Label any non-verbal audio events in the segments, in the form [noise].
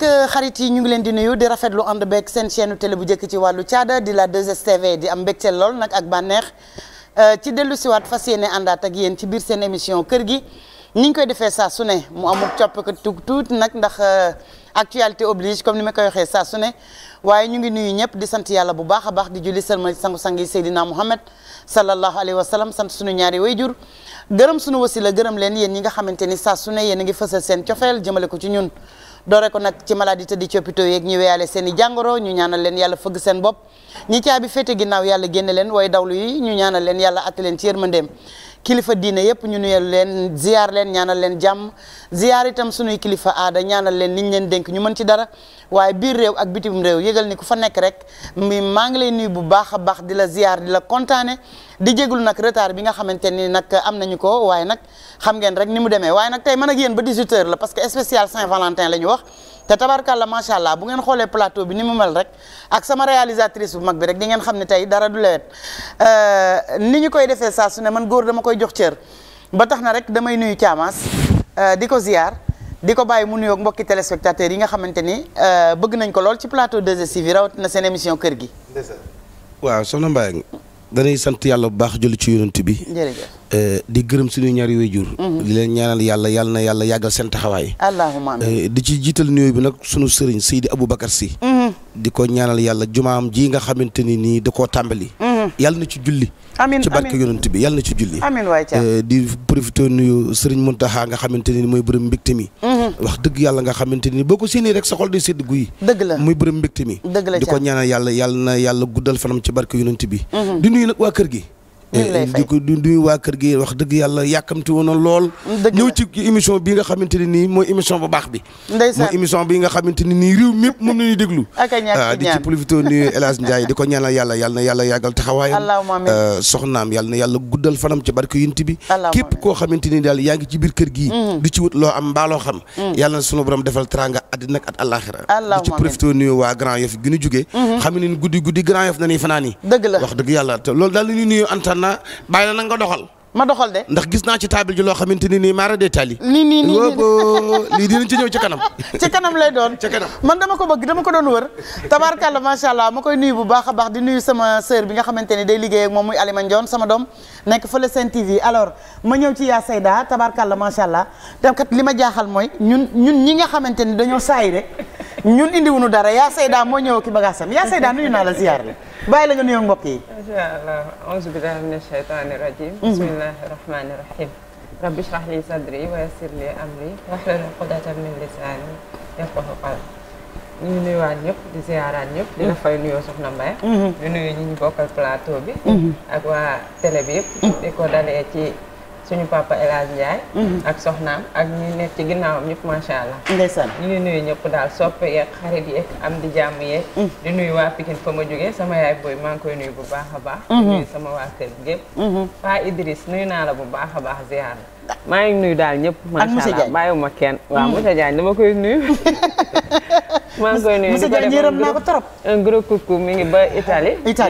rek xarit yi ñu ngi leen di nuyu di rafetlu ànd beeg seen chaîne télé bu njëkk ci wàllu caada di la 2STV di am mbégte lool nag ak bànneex euh, ci dellu siwaat fas yéene àndaat ak yéen ci biir seen émission kër gi ni ñu koy defee saa su ne mu amuk coppika tuut tuuti nag ndax euh, actualité oblige comme ni ma koy waxee saa su waaye ñu ngi nuyu ñëpp di sant yàlla bu baax a baax di julli sëlmal sangu-sang yi Seydina Muhammad sallallahu alayhi wa sallam sant sunu ñaari wayjur gërëm sunu wasila gërëm leen yéen ñi nga xamante ni saa su ne yéen a ngi seen cofeel jëmale ko ci ñun doore ko nag ci maladie di ci hôpitaux yeeg ñu weyaale seen i jàngoro ñu ñaanal leen yàlla fëgg seen bopp ñi caabi féete ginnaaw yàlla génne leen way dawlu yi ñu ñaanal leen yàlla atte leen ci yërmandeem kilifa diine yépp ñu nuyal leen ziyaar leen ñaanal leen jàmm ziyaar itam sunuy kilifa aada ñaanal leen niñ leen dénk ñu mën ci dara waaye biir réew ak bitim réew yëgal ni ku fa nekk rek mi maa ngi leen nuyu bu baax a baax di la ziyaar di la kontaane di jéglu nag retard bi nga xamante ni nag am nañu ko waaye nag xam ngeen rek ni mu demee waaye nag tey man ak yéen ba 18 la parce que spécial Saint-Valentin la ñu wax te tabarkàlla macha allah bu ngeen xoolee plateau bi ni mu mel rek ak sama réalisatrice bu mag bi rek di ngeen xam ne tey dara du lewet euh, ni ñu koy defee saa su ne man góor dama koy jox cër ba tax na rek damay nuyu caamaas euh, di ko ziar di ko bàyyi mu nuyoog mbokki téléspectateurs yi nga xamante ni euh, bëgg nañ ko lool ci plateau 2STV rawatina seen émission kër gi. waaw soxna Mbaye danay sant yàlla bu baax julli ci yonent bi. Eh, di gërëm suñu ñaari waajur. Mhm. di leen ñaanal yàlla yàlla na yàlla yàggal seen taxawaay. allahumma amiin eh, di ci jiital nuyoo bi nag sunu sëriñ Seydi Aboubacar Sy. Mhm. di ko ñaanal yàlla jumaam ji nga xamante ni nii da koo tàmbali. Mhm. yàlla na ci julli. amiin ci barke yonent bi yàlla na ci julli. amiin waay eh, di profité nuyu sëriñ Mountakha nga xamante mooy bërëm mbégte mi. wax dëgg yàlla nga xamante ni boo ko séenee rek sa di sedd guy dëgg la muy bërëm di ko ñaanal yàlla yàlla guddal fanam ci barke yonent bi mm-hmm. di nuyu nag gi Eh, di ko du nuyu waa kër gi wax dëgg yàlla yàkkamti woon lool ñëw ci émission bi nga xamante ne nii mooy émission bu baax bi mooy émission bi nga xamante ne nii réew mépp moom nañuy déglu waaw ah, di ci profité nuyu El Hadj Ndiaye di ko ñaanal yàlla yàlla na yàlla yàggal taxawaayam ah, soxnaam yàlla guddal fanam ci barke yunti bi képp koo xamante ni daal yaa ngi ci biir kër gii mm-hmm. di ci wut loo am mbaa loo xam mm-hmm. yàlla na sunu borom defal teraanga àddina ak at àllaaxira di ci profité nuyu waa na bàyyi la nag nga doxal. ma doxal de. ndax gis naa ci table ji loo xamante ni nii maara de tali. nii nii nii lii dinañ ci ñëw ci kanam. [laughs] kanam lay doon. ci kanam man dama ko bëgg dama ko doon wër. tabaarkàlla macha allah ma koy nuyu bu baax a baax di nuyu sama sœur bi nga xamante ne day liggéey ak moom muy Alima sama doom nekk fële Sen TV alors ma ñëw ci yaa Seyda tabaarkàlla allah dem li ma jaaxal mooy ñun ñun ñi nga xamante ni dañoo saay rek ñun indi wuñu dara yaa sayda moo ñëw ki bagaasam yaa sayda nuyu naa la ziar la bàyyi la nga nuyoo mbokk yi incha allah auzu a mina a rajim mhm. bismillahi rahmani rahim rabbi shrah li sadri wa yassir li amri wahlul uqdatan min lisani yafqahu qawli ñu ngi nuyuwaat ñëpp di ziaraat ñëpp di la mhm. fay nuyoo Soxna Mbaye mhm. di nuyu ñu bokkal plateau bi ak waa télé bi yëpp di ko dalee ci suñu papa El Hadj mm-hmm. ak soxnaam ak ñi nekk ci ginnaawam ñëpp macha allah. ndeysaan ñu ngi nuyu ñëpp daal soppe yeeg xarit yeeg am di jàmm yeeg. Mm. di nuyu waa Pikine fa ma jógee sama yaay booy maa ngi koy nuyu bu baax a baax. Mm-hmm. di nuyu sama waa kër gépp. Mm-hmm. Paa nuyu naa la bu baax a baax ziar la. maa ngi nuyu daal ñëpp. ak macha allah bàyyiwuma kenn. Mm. waaw monsieur dama koy nuyu. [laughs] maa ngi koy nuyu di ko def monsieur Diagne yërëm naa ko trop. un gros coucou mi ngi ba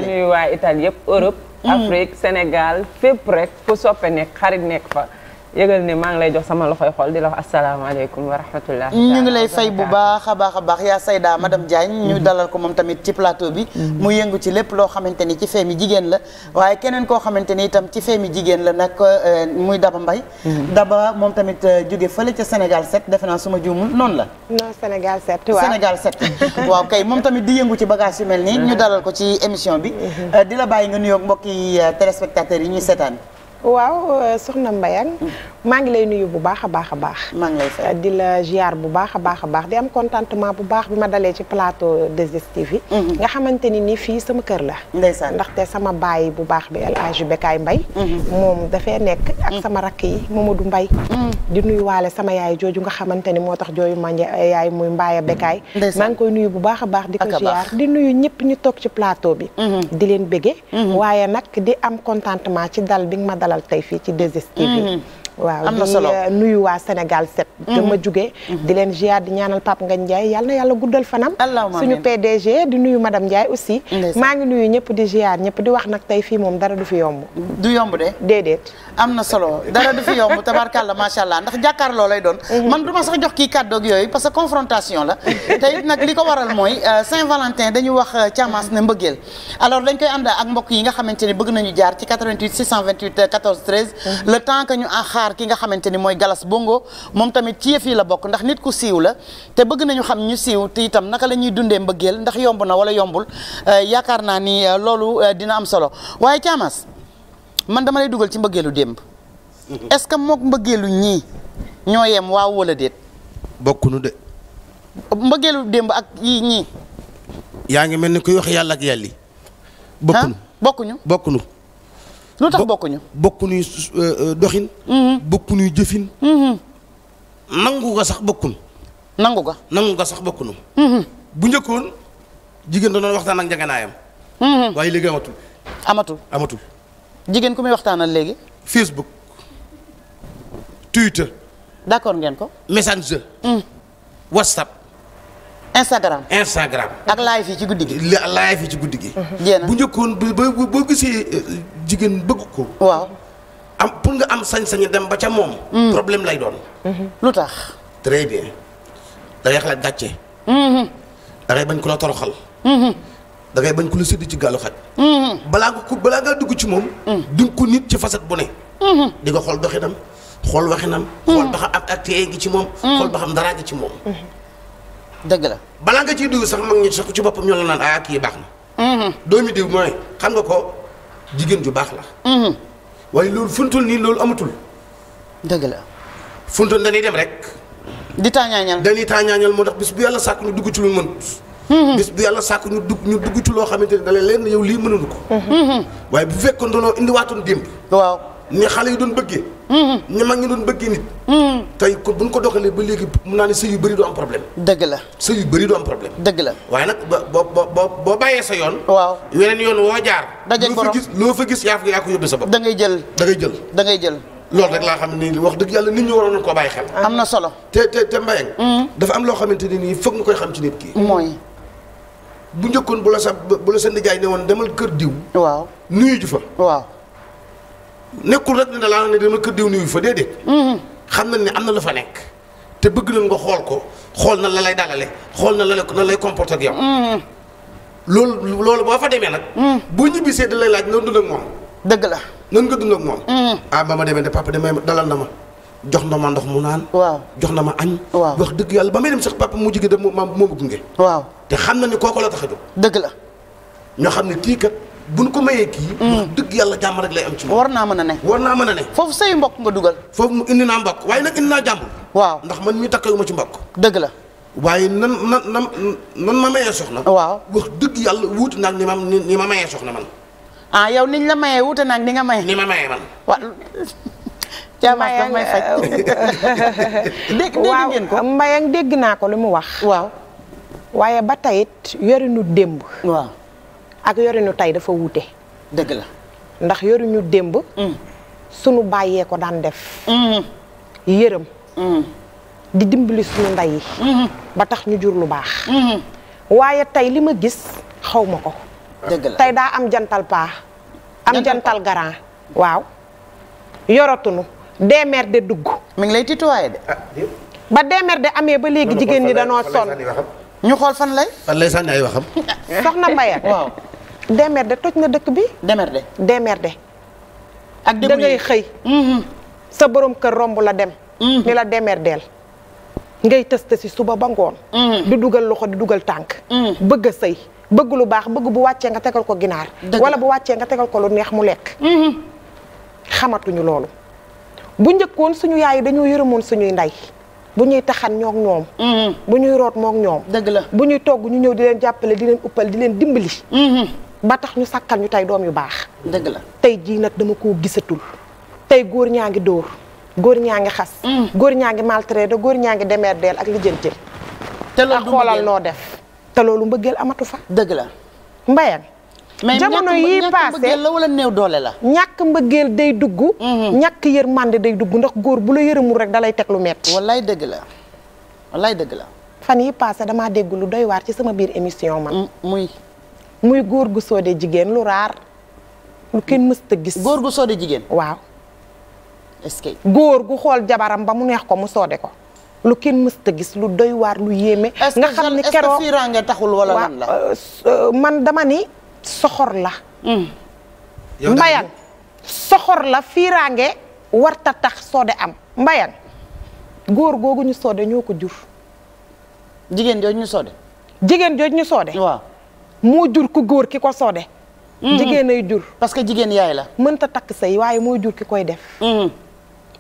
nuyu waa Italie yëpp Europe. Afrique Sénégal fépp rek fu soppe nekk xarit nekk fa yëgal ne maa ngi lay jox sama loxoy xol di la wax asalaamaaleykum wa rahmatullah ñu lay fay bu baax a baax a baax yaa Sayda madame ñu mhm. dalal ko moom tamit ci plateau bi mhm. mu yëngu ci lépp loo xamante ni ci feemi jigéen la waaye keneen koo xamante ni itam ci feemi jigéen la nag euh, muy Daba Mbaye mhm. Daba moom tamit euh, jóge fële ca Sénégal 7 defe naa suma juumul noonu la non Sénégal 7 waaw Sénégal 7 [laughs] kay moom tamit di yëngu ci bagage yu mel nii dalal ko ci émission bi euh, di la bàyyi nga nuyoog mbokki téléspectateurs yi ñuy seetaan waaw euh, soxna Mbayang maa ngi lay nuyu bu baax a baax a baax. maa di la ziar bu baax a baax a baax di am contentement bu baax bi ma dalee ci plateau 2STV yi. Mhm. nga xamante ni ni fii sama kër la. ndeysaan ndaxte sama baay bu baax bi El Hadj Bekaay Mbaye. Mhm. moom dafay nekk ak mhm. sama rakk yi du mbay di nuyu waale sama yaay jooju nga xamante ni moo tax jooju ma yaay muy Mbaye Bekaay. maa ngi koy nuyu bu baax a baax. di ko ziar di nuyu ñëpp ñu toog ci plateau bi. di leen bëggee. waaye nag di am contentement ci dal bi nga ma dalal tey fii ci 2STV am na solo waaw eh, nuyu waa Sénégal set mhm. dama jóge di leen ziar di ñaanal Pape nga Ndiaye yàlla yàlla guddal fanam suñu PDG di nuyu madame Ndiaye aussi maa ngi nuyu ñëpp di ziar ñëpp di wax nag tey fii moom dara du fi yomb du yomb de déedéet am na solo dara du fi yomb tabarkàlla macha allah ndax jàkkaarloo lay doon. Mhm. man du ma sax jox kii kàddoog yooyu parce que confrontation la. [laughs] te nag li ko waral mooy euh, Saint-Valentin dañu wax càmmas euh, ne mbëggeel alors dañ koy ànd ak mbokk yi nga xamante ni bëgg nañu jaar ci 88 628 14 13. le temps que ñu xaar ki nga xamante ni mooy Galas Bongo moom tamit ci yëf yi la bokk ndax nit ku siiw la te bëgg nañu xam ñu siiw te itam naka la ñuy dundee mbëggeel ndax yomb na wala yombul euh, yaakaar naa ni loolu dina am solo man dama lay dugal ci mbëggeelu démb. Mm-hmm. est-ce que mook mbëggeelu ñii ñoo yem waaw wala déet. bokkunu de. mbëggeelu démb ak ñii. yaa ngi mel ni kuy wax yàlla ak yàlli. bokkunu bokkuñu bokkunu. lu tax bokkuñu. bokkuñu euh, euh, doxin. Mm-hmm. bokkuñu jëfin. Mm-hmm. nangu nga sax bokkun. nangu nga nangu nga sax bokkunu. bu njëkkoon jigéen da doon waxtaan ak njaganaayam. waaye léegi amatul amatul. jigéen ku muy waxtaanal léegi. Facebook. Twitter. d'accord ngeen ko. Messenger. Mm. WhatsApp. Instagram. Instagram ak live yi ci guddi gi. live yi ci hmm. bu njëkkoon boo gisee eh, jigéen bëgg ko. waaw am pour nga am sañ-sañu dem ba ca moom. Hmm. problème lay doon. Hmm. lu tax. très bien. da ngay gàcce. da bañ ko la toroxal. da bañ ku la sëdd ci gàllu xaj mm-hmm. balaa nga ku balaa ngaa dugg ci moom di nga ko nit ci facette bu ne mm-hmm. di nga xool doxinam xool waxinam mm-hmm. xool ba xam ak ak téye gi ci moom xool ba xam daraa gi ci moom dëgg la balaa nga ciy dugg sax mag ñi sax boppam ñoo la naan ah kii baax na doomi xam nga ko jigéen ju baax la waaye loolu funtul nii loolu amatul dëgg la funtul dañuy dem rek di taañaañal dañuy taañaañal moo tax bis bu yàlla sàkk ñu dugg ci lu mën bis bu yàlla sàkk ñu dugg ñu dugg ci loo xamante ne da lay leen na yow lii mënuñu ko waaye bu fekkoon danoo indiwaatoon démb waaw ni xale yi doon bëggee ñi mag ñi doon bëggee nit tey ko buñ ko doxalee ba léegi mun naa ne sëy yu bëri du am problème dëgg la sëy yu bëri du am problème dëgg la waaye nag boo boo boo bàyyee sa yoon waaw weneen yoon woo jaar dajeeg borom gis loo fa gis yaa fa yaa ko yóbbee sa bopp da ngay jël da ngay jël dangay jël loolu rek laa xam ne wax dëgg yàlla nit ñi waroon koo bàyyi xel am na solo te te mm. am loo xamante ne nii foog nga koy xam ci nit kii mooy bu njëkkoon bu la sa bu la sa nijaay ne woon demal kër diw. waaw nuyu ji fa. waaw nekkul rek ne dalaa ne demal kër diw nuyu fa déedéet. Mm-hmm. xam nañ ne am na la fa nekk. te bëgg na nga xool ko xool na la lay dalale xool na la lay na lay comporté ak yow. Mm-hmm. loolu loolu boo fa demee nag. Mm-hmm. boo ñibbisee da lay laaj noonu dund ak moom. dëgg la noonu nga dund ak moom. ah ba ma demee de papa de may dalal na ma. jox na ndox mu naan. waaw jox na ma añ. waaw wax dëgg yàlla ba may dem sax papa mu jigéen dem ma moo ma gunge. waaw te xam na ni kooku la tax a dëgg la. ñoo xam ne kii kat bu ko mayee kii. Mm. dëgg yàlla jàmm rek lay am ci moom. war naa mën a ne. war naa mën a ne. foofu say mbokk nga dugal. foofu mu indi naa mbokk waaye nag indi naa jàmbur. waaw ndax man mii takkayuma ci mbokk. dëgg la. waaye nan nan nan nan ma mayee soxna. waaw wax dëgg yàlla wuuti naa ni ma ni ma mayee soxna man. ah yow niñ la mayee wuute naa ni nga ma mayee man. Thiamas [laughs] eh, daf dégg naa ko lu mu wax. waaw. waaye ba tey it yorinu démb. ak yorinu tey dafa wuute. dëgg la ndax yoruñu démb. Mm. sunu bàyyee ko daan def. Mm-hmm. yërëm. Mm. di dimbali suñu ndey yi. Mm-hmm. ba tax ñu jur lu baax. Mm-hmm. waaye tey li ma gis xaw ma ko. dëgg tey daa am jantal paa. am jantal garan waaw yoratunu. de dugg. mi ngi lay tituwaay de. Ah, ba démerde amee ba léegi jigéen ñi danoo sonn. ñu xool fan lay. fan lay sànni ay waxam. [laughs] soxna Mbayang. waaw démerde toj nga dëkk bi. démerde démerde. ak da xëy. Mm-hmm. sa boroom kër romb la dem. Mm-hmm. ni la démerdeel. ngay tëste si suba ba ngoon. Mm-hmm. di dugal loxo di dugal tànk. bëgg a sëy bëgg lu baax bëgg bu wàccee nga tegal ko ginaar. wala bu wàccee nga tegal ko lu neex mu lekk. xamatuñu loolu. bu njëkkoon suñu yaay dañoo yërëmoon suñuy ndey bu ñuy taxan ñook ñoom mm-hmm. bu ñuy root mook ñoom dëgg la bu ñuy togg ñu ñëw di leen jàppale di leen uppal di leen dimbali mm-hmm. ba tax ñu sakkal ñu tey doom yu baax dëgg la tey jii nag dama koo gisatul tey góor ñaa ngi dóor góor ñaa ngi xas mm-hmm. góor ñaa ngi maltraité góor ñaa ngi demerdeel ak lijjantil te loolu xoolal noo def te loolu mbëggeel amatu fa dëgg la mbayang mais jamono yi passé la wala néew doole la. ñàkk mbëggeel day dugg. Mhm. ñàkk yërmande day dugg ndax góor bu la yërëmul rek dalay teg lu metti. wallaay dëgg la dëgg la. fan yi passé damaa dégg lu doy waar ci sama biir émission man. muy. muy góor gu soodee jigéen lu raar. lu kenn mës a gis. góor gu soode jigéen. waaw. est que. góor gu xool jabaram ba mu neex ko mu soode ko. lu kenn mës a gis lu doy waar lu yéeme. nga xam ni keroog taxul wala euh, euh, man dama ni. soxor la mm. mbayang soxor la fiiraange warta tax soode am mbayan góor googu ñu soode ñoo ko jur jigéen jooju ñu soode jigéen jooju ñu soode waaw moo jur ku góor ki ko soode mm-hmm. jigéen ay jur parce que jigéen yaay la mënta takk sëy waaye mooy jur ki koy def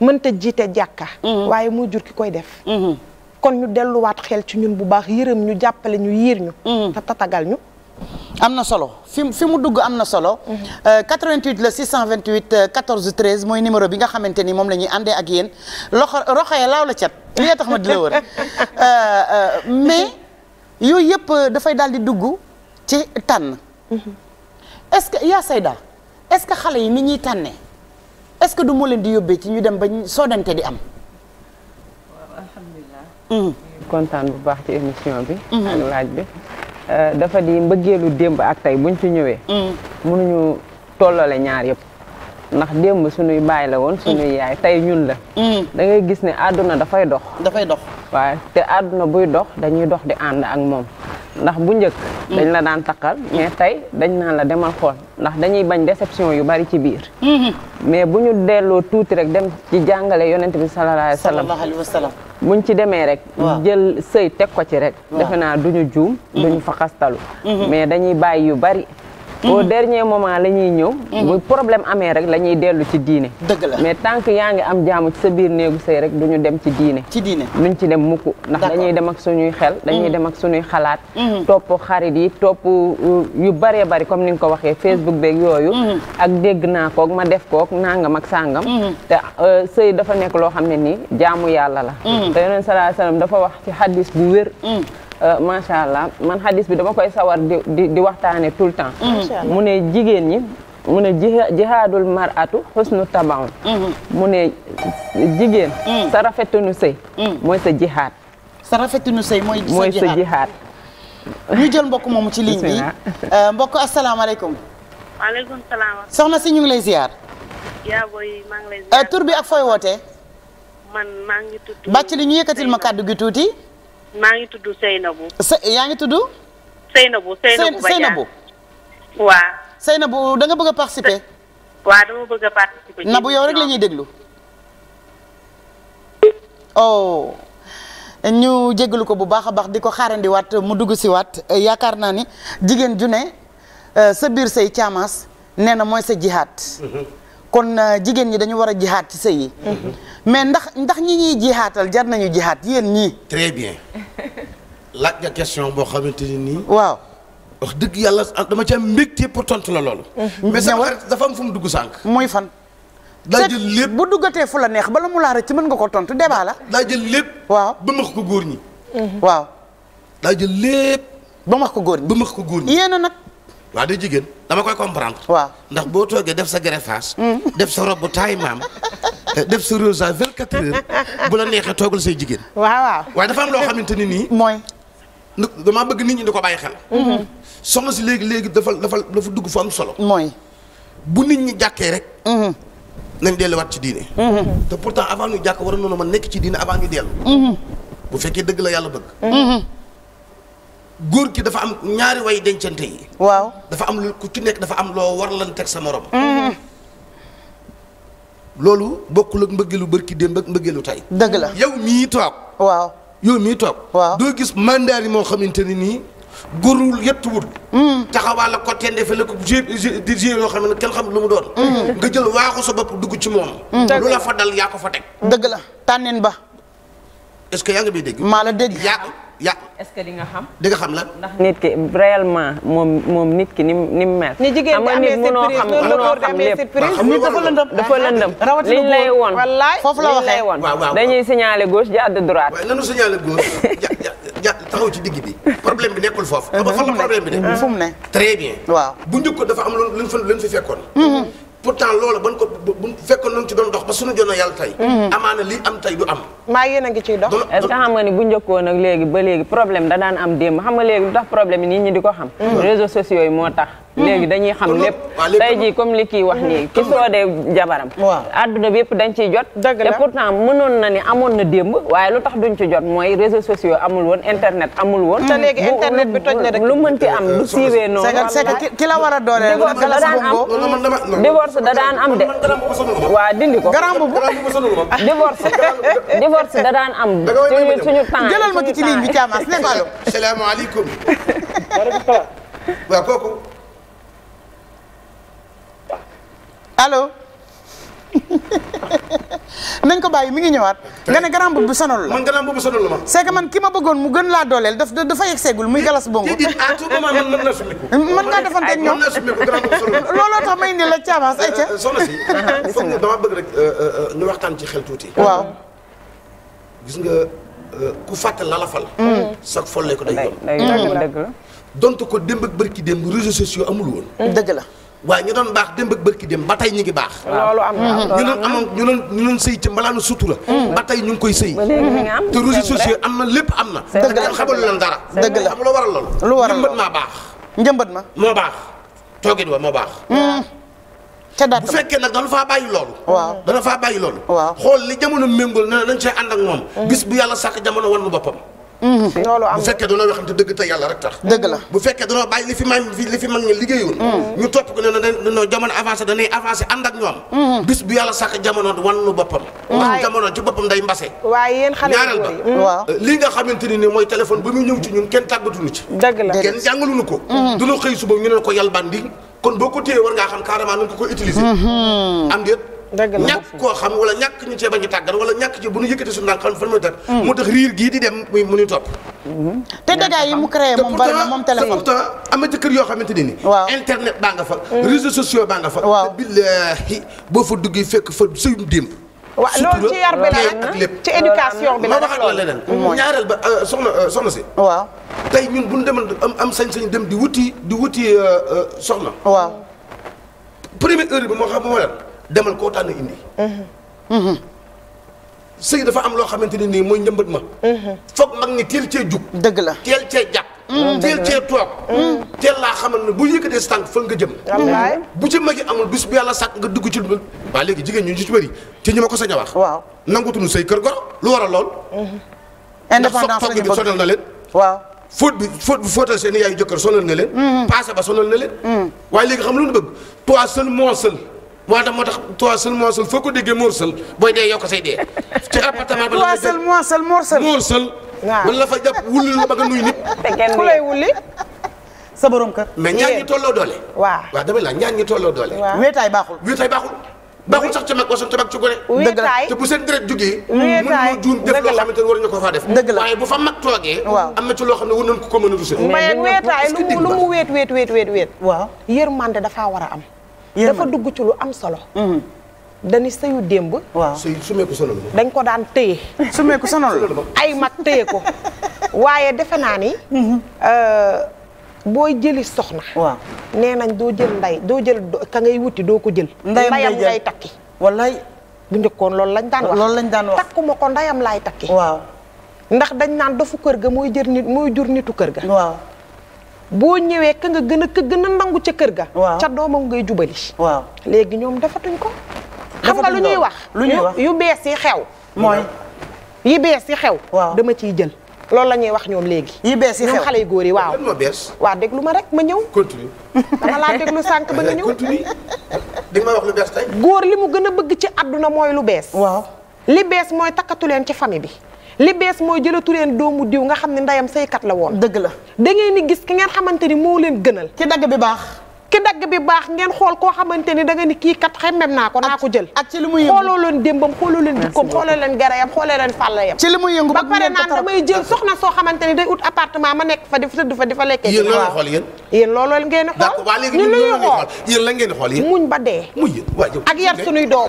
mënta jiite jàkka waaye moo jur ki koy def mm-hmm. mm-hmm. kon ñu delluwaat xel ci ñun bu baax yërëm ñu jàppale ñu yiir ñu te ñu am na solo fi fi mu dugg am na solo. 88 mhm. euh, le 628 14 13 mooy numéro bi nga xamante ni moom la ñuy àndee ak yéen loxo roxoya laaw la cat [laughs] li nga tax ma di la wër [laughs] euh, euh, mais yooyu yëpp dafay daal di dugg ci tànn. Mhm. est-ce que yaa sayda est-ce que xale yi ni ñuy tànnee est-ce que du moo leen di yóbbee ci ñu dem ba soodante di am. waaw alhamdulilah. Mm. kontaan bu baax ci émission bi. Mm-hmm. ak laaj bi. Euh, dafa di mbëggeelu démb ak tey buñ ci ñëwee. mënuñu mm. tollale ñaar yëpp. ndax démb suñuy bàyyi la woon. suñuy mm. yaay tey ñun la. Mm. da ngay gis ne àdduna dafay dox. dafay dox waaw te àdduna buy dox dañuy dox di ànd ak moom. ndax bu njëkk. dañ la daan takkal mais tey dañ naan la demal xool ndax dañuy bañ déception yu bari ci biir. Mm-hmm. mais bu ñu delloo tuuti rek dem ci jàngale yonent bi sallallahu alayhi wa sallam. buñ ci demee rek. jël sëy teg ko ci rek. defe naa duñu juum. duñu mm-hmm. fa xastalu mm-hmm. mais dañuy bàyyi yu bari. au mhm. dernier moment la ñuy ñëw. Mhm. bu problème amee rek la ñuy dellu ci diine. dëgg mais tant que yaa ngi am jaamu ci sa biir néegu sëy rek du ñu dem ci diine. ci diine luñ ci dem mukk ndax dañuy dem ak suñuy xel. dañuy mhm. dem ak suñuy xalaat. topp xarit yi topp uh, yu bëree bari comme ni nga ko waxee Facebook beeg yooyu. ak dégg naa kook ma def kook nàngam ak sàngam. te uh, sëy dafa nekk loo xam ne nii jaamu yàlla la. te yonent sallallahu dafa wax ci hadis bu wér. Euh, macha allah man xadis bi dama koy sawar di di di waxtaane tout le temps. Mm-hmm. mu ne jigéen ñi mu ne jihaadul maratu xusnu mm-hmm. mu ne jigéen. Mm. sa rafetunu sëy. Mm. mooy sa jihaad. sa rafetunu sëy mooy sa jihaad. jël mbokk moomu ci ligne euh, mbokk asalaamaaleykum. waaleykum salaam. soxna si ñu ngi lay ziar. Euh, tur bi ak fooy wootee. man maa ngi bàcc li ñu yëkkatil ma kàddu gi tuuti. maa ngi tudd Seynabou. Se yaa ngi tudd. Seynabou na Badiane Seynabou. waaw. Seynabou da nga bëgg a participer. bëgg a participer. na bu yow rek la ñuy déglu. oh. ñu jégalu ko bu baax a baax di ko xaarandiwaat mu dugg si waat yaakaar naa ni jigéen ju ne euh, sa biir say caamaas nee na mooy sa jihaat. Mm-hmm. kon euh, jigéen ñi dañu war a jihaat ci sëy yi mhm. mais ndax ndax ñi ñuy jihaatal jar nañu jihaat yéen ñii très bien laaj nga question boo xamante ni nii waaw wax dëgg yàlla ah, dama ci am mbégte pour tontu la loolu mhm. mais sama dafa am fu mu dugg sànq muy fan daa jël lépp bu duggatee fu la neex bala mu laa ci mën nga ko tontu débat la daa jël lépp waaw ba ko góor ñi waaw daa jël lépp ba ko góor ñi ba max ko góor ñi yéen a nag waaw de jigéen dama koy comprendre. waaw ndax boo toogee def sa greffage. Mm-hmm. def sa robe bu taay maam def sa rosa 24 heures bu la neexee toogal say jigéen. [laughs] waaw waaw waaye dafa am loo xamante ni nii. mooy. damaa bëgg nit ñi di ko bàyyi xel. Mm-hmm. soxna si léegi léegi dafa dafa dafa dugg fu am solo. mooy bu nit ñi jàkkee rek. Mm-hmm. nañ delluwaat ci diine. te pourtant avant ñu jàkk waroon na ma nekk ci diine avant ñu dellu. bu fekkee dëgg la yàlla bëgg. góor ki dafa am ñaari way dencante yi. waaw dafa am lu ku ci nekk dafa am loo war teg sa moroom mm-hmm. loolu bokkul ak mbëggeelu bërki démb ak mbëggeelu tey. dëgg la yow mii toog. waaw yow mii toog. waaw doo gis mandaar yi moo xamante ne nii góor góorul yettuwul. Mm-hmm. taxawaal la ko tendefe la ko g di g yoo xam ne kenn xam lu mu doon. Mm-hmm. nga jël waaxu sa bopp dugg ci moom. lu la fa dal yaa ko fa teg. dëgg la tànnin ba. est-ce que yaa ngi may dégg. maa la dégg yaa ya est-ce nga xam. di nga xam lan. ndax nit ki réellement moom moom nit ki ni mu ni mu mel. ni jigéen ñi amee surprise noonu la góor di amee surprise. xam nga dafa lëndëm dafa lëndëm. rawatina liñ won foofu la waxee waaw waaw dañuy signaler gauche jàdd droite. waaye nanu signaler gauche ja ja taxaw ci digg bi problème bi nekkul foofu. Mhm. xam nga fan la problème bi ne. fu mu ne très bien. waaw bu njëkk dafa am lu lu ñu lu fi fekkoon. Mhm. pour loolu ban ko bu fekkoon nañ ci doon dox ba suñu jono yàlla tey. Mhm. amaana lii am tey du am. maa yéen a ngi ciy dox. est-ce xam nga ni bu njëkkoon ak léegi ba léegi problème da daan am démb xam nga léegi lu tax problème yi nit ñi di ko xam. Mhm. réseaux sociaux yi moo tax. Mhm. léegi dañuy xam lépp tey jii comme li kii wax nii ki soodee jabaram adduna bi yëpp dañ ciy jot te pourtant mënoon na ni amoon na démb waaye lu tax duñ ci jot mooy réseaux sociaux amul woon internet amul woon te léegi internet bi toj na rek lu mënti am du euh, euh, siiwee noonu c'est que ki la war a divorce da daan am de. waaw dindi ko. garam bu [laughs] divorce ci ligne bi Thiamas [laughs] [laughs] salaam. waaw [laughs] nañ ko bàyyi mi ngi ñëwaat. nga ne grand boobu sonal la man grand boobu sonal la ma. c'est man ki ma bëggoon mu gën laa dooleel daf dafa yegg seegul muy galas bongo. déedéet à tout moment man ngaa [laughs] defanteeg ñoom [laughs] looloo tax may indi la caabaas ay ca. Euh, euh, soxna si foog nga dama bëgg rek euh, ñu waxtaan ci xel tuuti. waaw. gis nga ku fàttal la la fal. Mm. Mm. soog ko day yomb. Mm. dëgg ko démb ak bërki démb réseaux sociaux amul woon. dëgg la. waaye ñu doon baax démb ak bërki dem ba tey ñu ngi baax. loolu am na ñu doon amoon ñu doon ñu doon sëy ci mbalaanu sutura. Mm. ba tey ñu ngi koy sëy. te réseaux sociaux am na lépp am na. dëgg la xamal leen dara. dëgg am lu war a lu waral loolu njëmbat maa baax. njëmbat ma moo baax toogit wa moo baax. Mm. ca bu fekkee nag dana faa bàyyi loolu. waaw dana faa bàyyi loolu. waaw xool li jamono méngool nee na dañ cee ànd ak moom. Mm. bis bu yàlla sàkk jamono wan nu boppam Mhm. loolu am bu fekkee danoo waxante dëgg te yàlla rek tax dëgg la bu fekkee danoo bàyyi li fi mag li fi mag ñi liggéeyoon mhm. ñu topp ko ne ne non jamono avancé dañuy avancé ànd ak ñoom mhm. bis bu yàlla sàkk jamono wan nu boppam ndax jamono ci boppam day mbase waaye yéen xale ñaareel ba li nga xamante ni mooy téléphone ba muy ñëw ci ñun kenn tàggatuñu ci dëgg la kenn jàngaluñu ko duñu xëy suba ñu ne ko yàlla kon boo ko téye war ngaa xam carrément nu ko koy utiliser am déet ñàkk koo xam wala ñàkk ñu cee bañ a tàggat wala ñàkk ci bu ñu yëkkati suñu naan xam fan muy tag hmm. moo tax riir gii di dem mu ñuy topp hmm. te dégâts yi mu créé moom moom téléphone pourtant yoo xamante ni waaw internet baa nga fa hmm. réseaux sociaux baa nga fa billaahi boo fa duggee fekk fa sëyum démb waaw loolu ci yar bi la ak ah? ci éducation bi la ma waxaat ñaareel ba euh, soxna euh, soxna si waaw tey ñun bu ñu demal am am sañ-sañ dem di wuti di wuti euh, soxna waaw première heure bi moo xam moo lan demal koo tànn indi. sëy dafa am loo xamante ne nii mooy njëmbat ma. foog mag ñi teel cee jug. dëgg la teel cee jàpp. Mm, teel cee toog. teel laa xamal ne bu yëkkatee sa tànk fa nga jëm. bu ci magi amul bis yàlla sàkk nga dugg ci lu. waa léegi jigéen ñu ci bëri ci ñi ma ko sañ a wax. waaw nangutuñu kër goro lu war a lool. Mm-hmm. indépendance la bi sonal na leen. waaw fóot bi fóot bi fóotal seen yaayu jëkkër sonal na leen. Mm-hmm. paase ba sonal na leen. Mm-hmm. waaye léegi xam lu ñu bëgg toi seul moi seul waa tax moo tax tuwaasal moosal foo ko déggee moorsal booy dee [laughs] la fa jàpp ba nga nuyu sa borom kër. mais ñaan ñi tolloo doole. waaw waaw dama la ñaan ñi tolloo doole. waaw wéetaay baaxul wéetaay baaxul. baaxul sax ci mag wasoon ci mag ci gone. dëgg la te na juun def loo xamante ko faa def. bu fa mag toogee. am na ci loo xam ne war nañ ko ko mën a rusé. mais wéetaay lu mu wéet wéet wéet wéet wéet. waaw yërmande dafaa war a am dafa dugg ci lu am solo. Mm-hmm. dañu sëyu démb. waaw sëyu sumeeku sonal ma. dañ ko daan téye. sumeeku sonal la ay mag téye ko waaye defe naa ni. Mm-hmm. Euh, booy jëli soxna. waaw nee nañ doo jël nday doo jël ka ngay wuti doo ko jël. ndayam ngay takki. wallaay bu njëkkoon loolu lañ daan wax. lañ daan wax takkuma ko ndayam lay takki. waaw ndax dañ naan dofu kër ga mooy jër nit mooy jur nitu kër ga. waaw. boo ñëwee ka nga gën a ka gën a nangu ca kër ga. waaw ca doomam ngay jubali. waaw léegi ñoom dafatuñ ko. xam nga lu ñuy wax. lu ñuy wax yu bees yi xew. mooy yi bees xew. waaw dama ciy jël. loolu la ñuy wax ñoom léegi. yi bees yi xew ñoom xale yu góor yi waaw. lan moo bees. waaw déglu ma rek ma ñëw. continue. [laughs] dama laa déglu sànq ba nga ñëw. continue di góor li mu gën a bëgg ci àdduna mooy lu bees. waaw li bees mooy takkatu leen ci famille bi. li bees mooy jëlatu leen doomu diw nga xam ne ndeyam saykat la woon. dëgg la da ngeen ni gis ki ngeen xamante ni moo leen gënal. ci dagg bi baax. ki dagg bi baax ngeen xool koo xamante ni da nga ni kii kat xemmem naa ko naa ko jël ak ci li mu yëngu ba pare naan damay jël soxna soo xamante ni day ut appartement ma nekk fa di fa lekkee yéen loolu ngeen xool muñ ba dee ak yar sunuy doom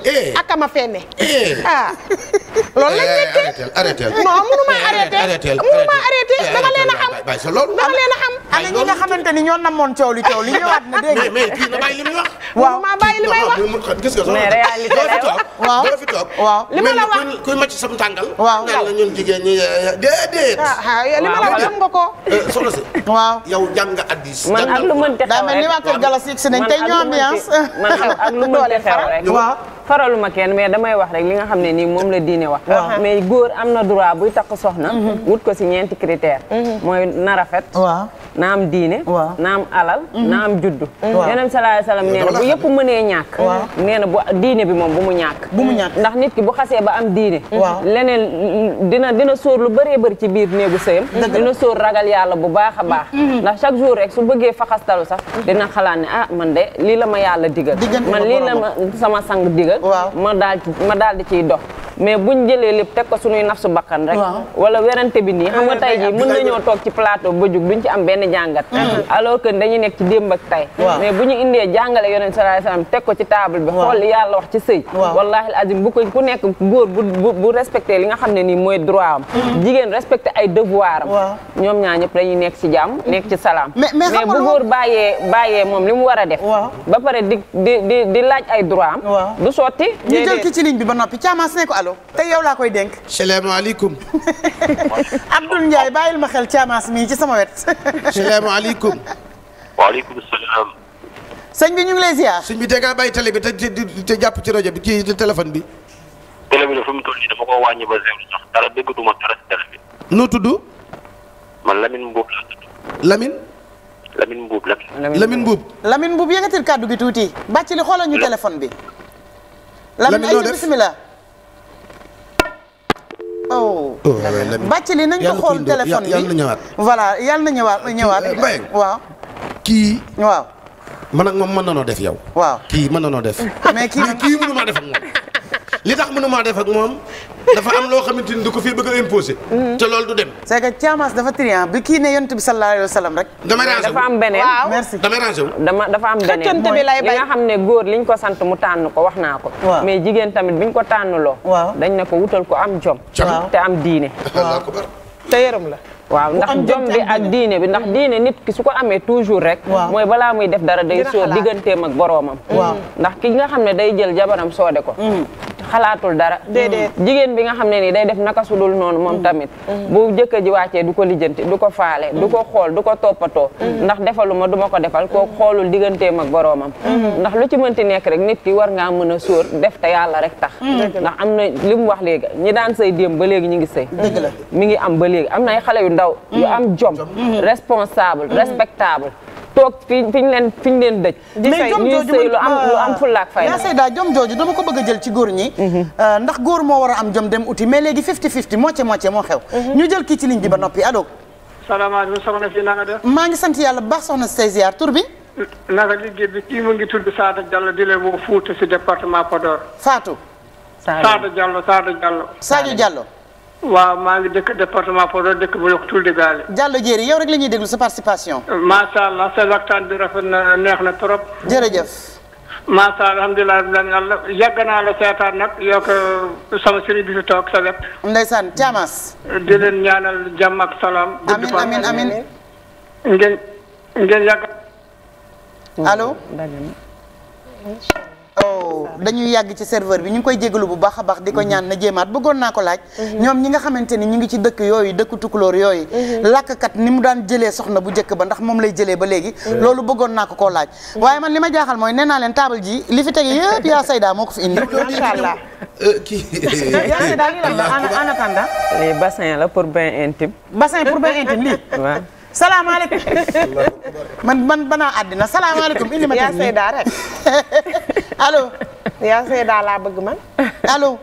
[laughs] eh. ak ama fenne eh. ah lañ eh, nekkee arrêté non mënu maa arrêté dama leen a xam dama leen a nga xamante ni ñoo namoon coow li ñëwaat ma la wax kuy màcc sam tàngal. waaw naan la ñun jigéen ñi eh, eh, déedéet. Ah, ah, euh, yow jàng man ak lu mënti [laughs] xew rek daa mel ni waa faraluma kenn mais damay wax rek li nga xam ne nii moom la diine wax uh-huh. mais góor am na droit buy takk soxna uh-huh. wut ko ci ñeenti critère uh-huh. mooy na rafet na diine na alal na juddu. Mm. waaw yeneen salaay salaam nee na bu yëpp mënee ñàkk. waaw bu diine bi moom bu mu ñàkk. bu mu ñàkk ndax nit ki bu xasee ba am diine. waaw leneen dina dina sóor lu baree bëri ci biir néegu sëyam. dina sóor ragal yàlla bu baax a baax. Mm-hmm. ndax chaque jour rek su bëggee faxastalu sax mm-hmm. dina xalaat ne ah man de lii la ma yàlla digal. man lii la ma sama sang digal. ma daal ma daal di ciy dox. mais buñ jëlee lépp teg ko suñuy su bakkan rek wala werante bi nii xam nga mm-hmm. tey ji mën nañoo toog ci plateau ba jug duñ ci am benn jàngat nekk tey mais bu ñu indee jàngale yonent sallallahu teg ko ci table bi xool li yàlla wax ci sëy wallahi azim bu ko ku nekk góor bu bu respecté li nga xam ne nii mooy droit am mm-hmm. jigéen respecté ay devoir am ñoom ñaar ñëpp dañuy nekk ci jàmm mm-hmm. nekk ci salaam mais bu góor bàyyee bàyyee moom li mu war a def ba pare di di laaj ay droit am du sotti ñu jël ki ci liñ bi ba noppi caamaas ne ko allo te yow laa koy dénk salaamaaleykum [laughs] Abdoul Ndiaye bàyyil ma xel caamaas mii ci sama wet salaamaaleykum [laughs] waaleykum salaam. sëñ bi ñu ngi lay bi te ngaa bàyyi télé bi te jàpp ci rajo bi ci téléphone bi. télé bi tudd. man Lamine Mbuub laa tudd. Lamine. Mbuub la. Mbuub Lamine Mbuub yëkkatil kàddu gi tuuti. bàcc li xoolal ñu téléphone bi. Lamine noo def bisimilah. oh, oh bàcc li nañ ko xool téléphone bi yàlla na ñëwaat. ñëwaat ñëwaat eh, waaw. kii. waaw man ak moom mën na noo def yow. waaw kii ma na noo def. [laughs] mais kii mais kii mënu moom. li tax mënu maa def moom dafa am loo xamante ni du ko fii bëgg a imposé. Mm-hmm. te loolu du dem. c'est que Thiamas dafa triant bi kii ne yonent bi sallallahu alayhi wa sallam rek. damay rangé dafa am beneen. merci damay rangé wu. dama dafa am beneen xëccante xam ne góor liñ ko sant mu tànn ko wax naa ko. mais jigéen tamit biñ ko tànnloo. waaw dañ ne ko wutal ko am jom. te am diine. waaw [laughs] te yërëm la. waaw ndax jom bi ak diine bi ndax diine nit ki su ko amee toujours rek mooy balaa muy def dara day soo digganteem ak boroomam ndax ki nga xam ne day jël jabaram soode ko mm. xalaatul dara mm. jigéen bi nga xam ne nii day def naka su noonu moom mm. tamit mm. bu jëkkër ji wàccee du ko lijjanti du ko faale du ko xool du ko toppatoo ndax defaluma duma ko defal koo xoolul digganteem ak boroomam ndax lu ci mënti nekk rek nit ki war ngaa mën a sóor def te yàlla rek tax ndax am na li mu wax léegi ñi daan sëy démb ba léegi ñu ngi sëy mi ngi am ba léegi am na ay xale yu ndaw yu am jom responsable respectable toog fi fi ñu leen fi ñu leen dëj. mais jom jooju lu am lu am fulla ak euh, fayda. daa jom jooju dama ko bëgg a jël ci góor ñi. Mhm. Euh, ndax góor moo war a am jom dem uti mais léegi fifty fifty moitié moitié moo xew. Mhm. ñu jël kii ci ligne bi ba mhm. noppi allo. salaamaaleykum soxna si na nga def. maa ngi sant yàlla baax soxna si say ziar tur bi. naka liggéey bi di leen woo Fouta si département Podor. Fatou. Sadio Sadio Diallo Sadio Diallo. Sadio Diallo. waaw maa ngi dëkk département Podor dëkk bu yokk Tulle Gaale. Diallo Diéry yow rek la ñuy déglu sa participation. macha allah sa waxtaan bi rafet na neex na trop. jërëjëf. macha allah alhamdulilah yàgg seetaan nag yokk sama sëriñ bi fi toog sa lépp. ndeysaan Thiamas. di leen ñaanal jàmm ak salaam. amiin amiin ngeen ngeen yàgg. allo. waaw dañuy yàgg ci serveur bi ñu ngi koy jégalu bu baax a baax di ko ñaan na jéemaat bëggoon naa ko laaj ñoom ñi nga xamante ni ñu ngi ci dëkk yooyu dëkk tukulóor yooyu làkkat ni mu daan jëlee soxna bu njëkk ba ndax moom lay jëlee ba léegi loolu bëggoon naa ko koo laaj waaye man li ma jaaxal mooy nee naa leen table ji li fi tege yëpp yaa sayda moo ko fi indi macha allah [laughs] euh, kii la en attendant lii bassin la pour bain intime [laughs] [laughs] man man banaa àddina salaamaaleykum indi ma yaa sayda rek allo. yaa Seyda laa bëgg man allo.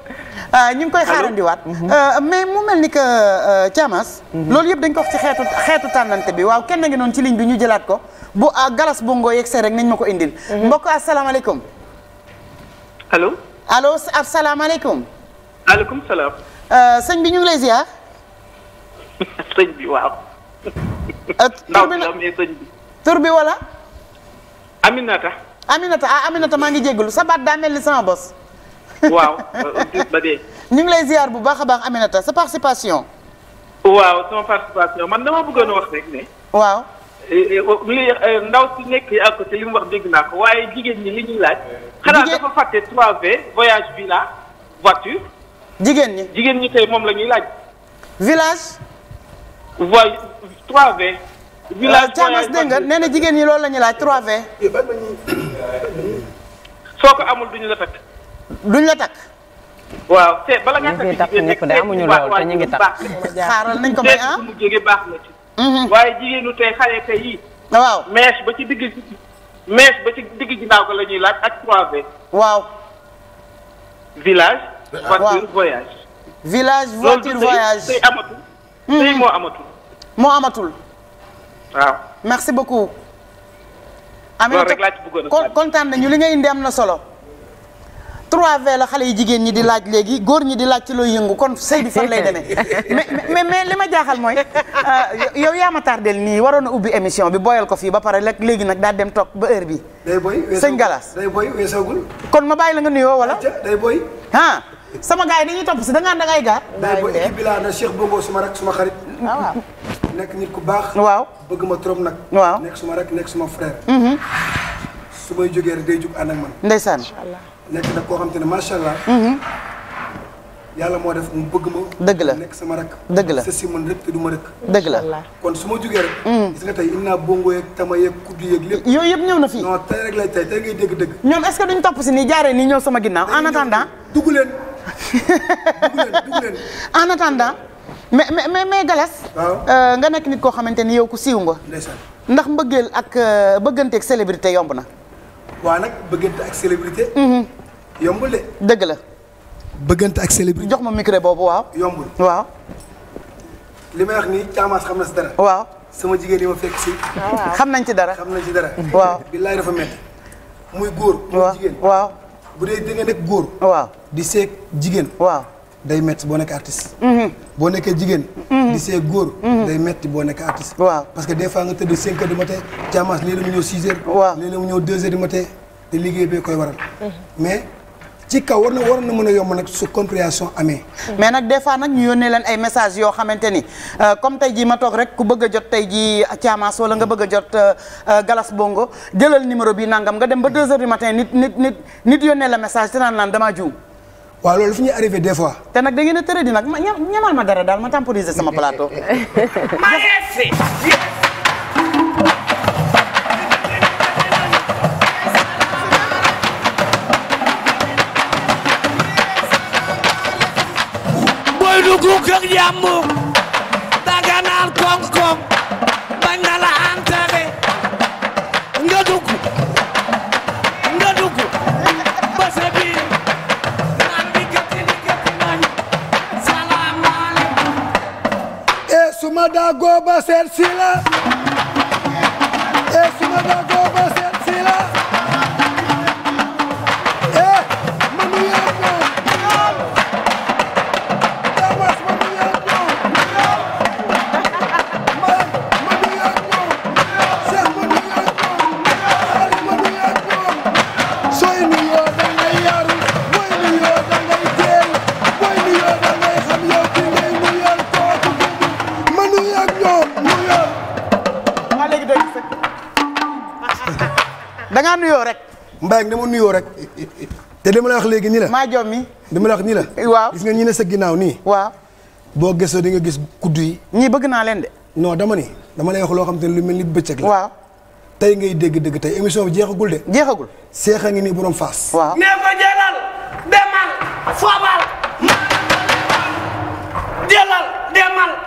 Euh, ñu ngi koy xaarandiwaat. Mhm. Euh, mais mu mel ni que euh, Thiamas. Mhm. loolu yëpp dañ ko wax ci xeetu xeetu tànnante bi waaw kenn ngi noonu ci ligne bi ñu jëlaat ko bu galas bongo yegg see rek nañ ma ko indil. Mhm. mbokk asalaamaaleykum. allo. allo asalaamaaleykum. maaleykum salaam. sëñ bi ñu ngi lay ziar. [laughs] sëñ bi waaw. tur bi la tur bi wala. Aminata ah Aminata maa ngi jégalu sa baat daa mel ni bos. waaw euh, ba dee. [laughs] ñu ngi lay ziar bu baax a baax Aminata sa participation. waaw sama participation man dama bëggoon wax rek ne. waaw. Eh, eh, oh, eh, ndaw si nekk à côté li mu wax dégg naa ko waaye jigéen ñi li ñuy laaj. xanaa dafa fàtte 3V voyage villa voiture. jigéen ñi jigéen ñi tey moom la ñuy laaj. village. voy 3V. village Thiamas dégg nee na jigéen ñi loolu la ñu laaj trois v soo ko amul duñu la takk. duñ la takk. waaw te bala nga takk jigéen ñi amuñu lool te ñu ngi takk. xaaral nañ ko may ah mu baax na ci. Mhm. waaye jigéenu tey xale tey yii. waaw mèche ba ci digg mèche ba ci digg ginnaaw ko la ñuy laaj ak 3V. waaw. village. voiture voyage. village voiture voyage mhm. tey moo amatul. moo amatul. waaw merci beaucoup. Aminata kontaan nañu li ngay indi am na solo. 3V la xale yi jigéen ñi di laaj léegi góor ñi di laaj ci looy yëngu kon sëy bi fan lay demee [laughs] mais mais li ma jaaxal mooy euh, yow yaa ma tardel nii waroon a ubbi émission bi booyal ko fii ba pare rek léegi nag daa dem toog ba heure bi day sëñ Galas day boy kon ma bàyyi la nga nuyoo wala day sama gars yi dañuy topp si da ngaan gaar day ba équipe bi laa na Cheikh Bongo suma rak suma xarit ah, nekk nit ku baax waaw bëgg ma trop nag waaw nekk suma rak nekk suma frère mm-hmm. su may jógee rek day jóg ànd ak man ndeysaan nekk nag koo xam te ne macha allah mm-hmm. yàlla moo def mu bëgg ma dëgg la nekk sama rak dëgg la si man rek te du ma rek kon su ma jógee rek mm. gis nga tey innaa bongo yeeg yooyu yëpp ñëw na fii non rek lay tey tey ngay dégg dëgg ñoom est duñ topp si nii jaaree nii ñëw sama ginnaaw en attendant dugg [laughs] en attendant mais mais mais Galas euh, nga nekk nit koo xamante ni yow ku siiw nga ndax mbëggeel ak euh, bëgganteek ak célébrité yomb na waaw nag bëggante ak célébrité mhm. yombul de dëgg la bëggante ak célébrité jox ma micro boobu waaw yombul waaw li may wax nii caamaas xam na si dara waaw sama jigéen yi ma fekk si xam nañ ci dara xam nañ ci dara waaw billaay dafa metti muy góor waaw bu dee da nga nekk góor. waaw di seeg jigéen. waaw day metti boo nekk artiste. Mhm. boo nekkee jigéen. Mhm. di seeg góor. Mhm. day metti boo nekk artiste. waaw parce que des fois nga tëdd 5 heures du matin caaman léeg-léeg mu ñëw 6 heures. waaw léeg-léeg mu ñëw 2 heures du matin te liggéey bee koy waral. mais ci kaw war na war na mën a yomb nag su compréhension amee. mais nag des fois nag ñu yónnee leen ay message yoo xamante ni euh, comme tey jii ma toog rek ku bëgg a jot tey jii Thiamas la nga bëgg a jot euh, euh, Galas Bongo jëlal numéro bi nangam nga dem ba deux heures nit nit nit nit yónnee la message te naan naan damaa juum. waaw loolu fi ñuy arrivé des fois. te nag da ngeen a tëradi nag ma ñamal ma dara daal ma temporiser sama plateau. [laughs] koy dugg kër jàmbur daga naan bañ na la enterré nga dugg nga dugg ba sa biir naan bi gëtti ni gëtti e suma daa góoba seet si e eh, suma daa góoba seet si da ngaa nuyoo rek. Mbaye dama nuyoo rek te dama la wax léegi nii la. maa jom mi dama la wax nii la. waaw gis nga ñi ne sa ginnaaw nii. waaw boo gëstoo di nga gis kuddu yi. ñii bëgg naa leen de. non dama ni dama lay wax loo xam te lu mel ni bëccëg la. waaw tey ngay dégg dégg tey émission bi jeexagul de. jeexagul seexa ngi nii borom faas. waaw nee ko jëlal demal fobal demal.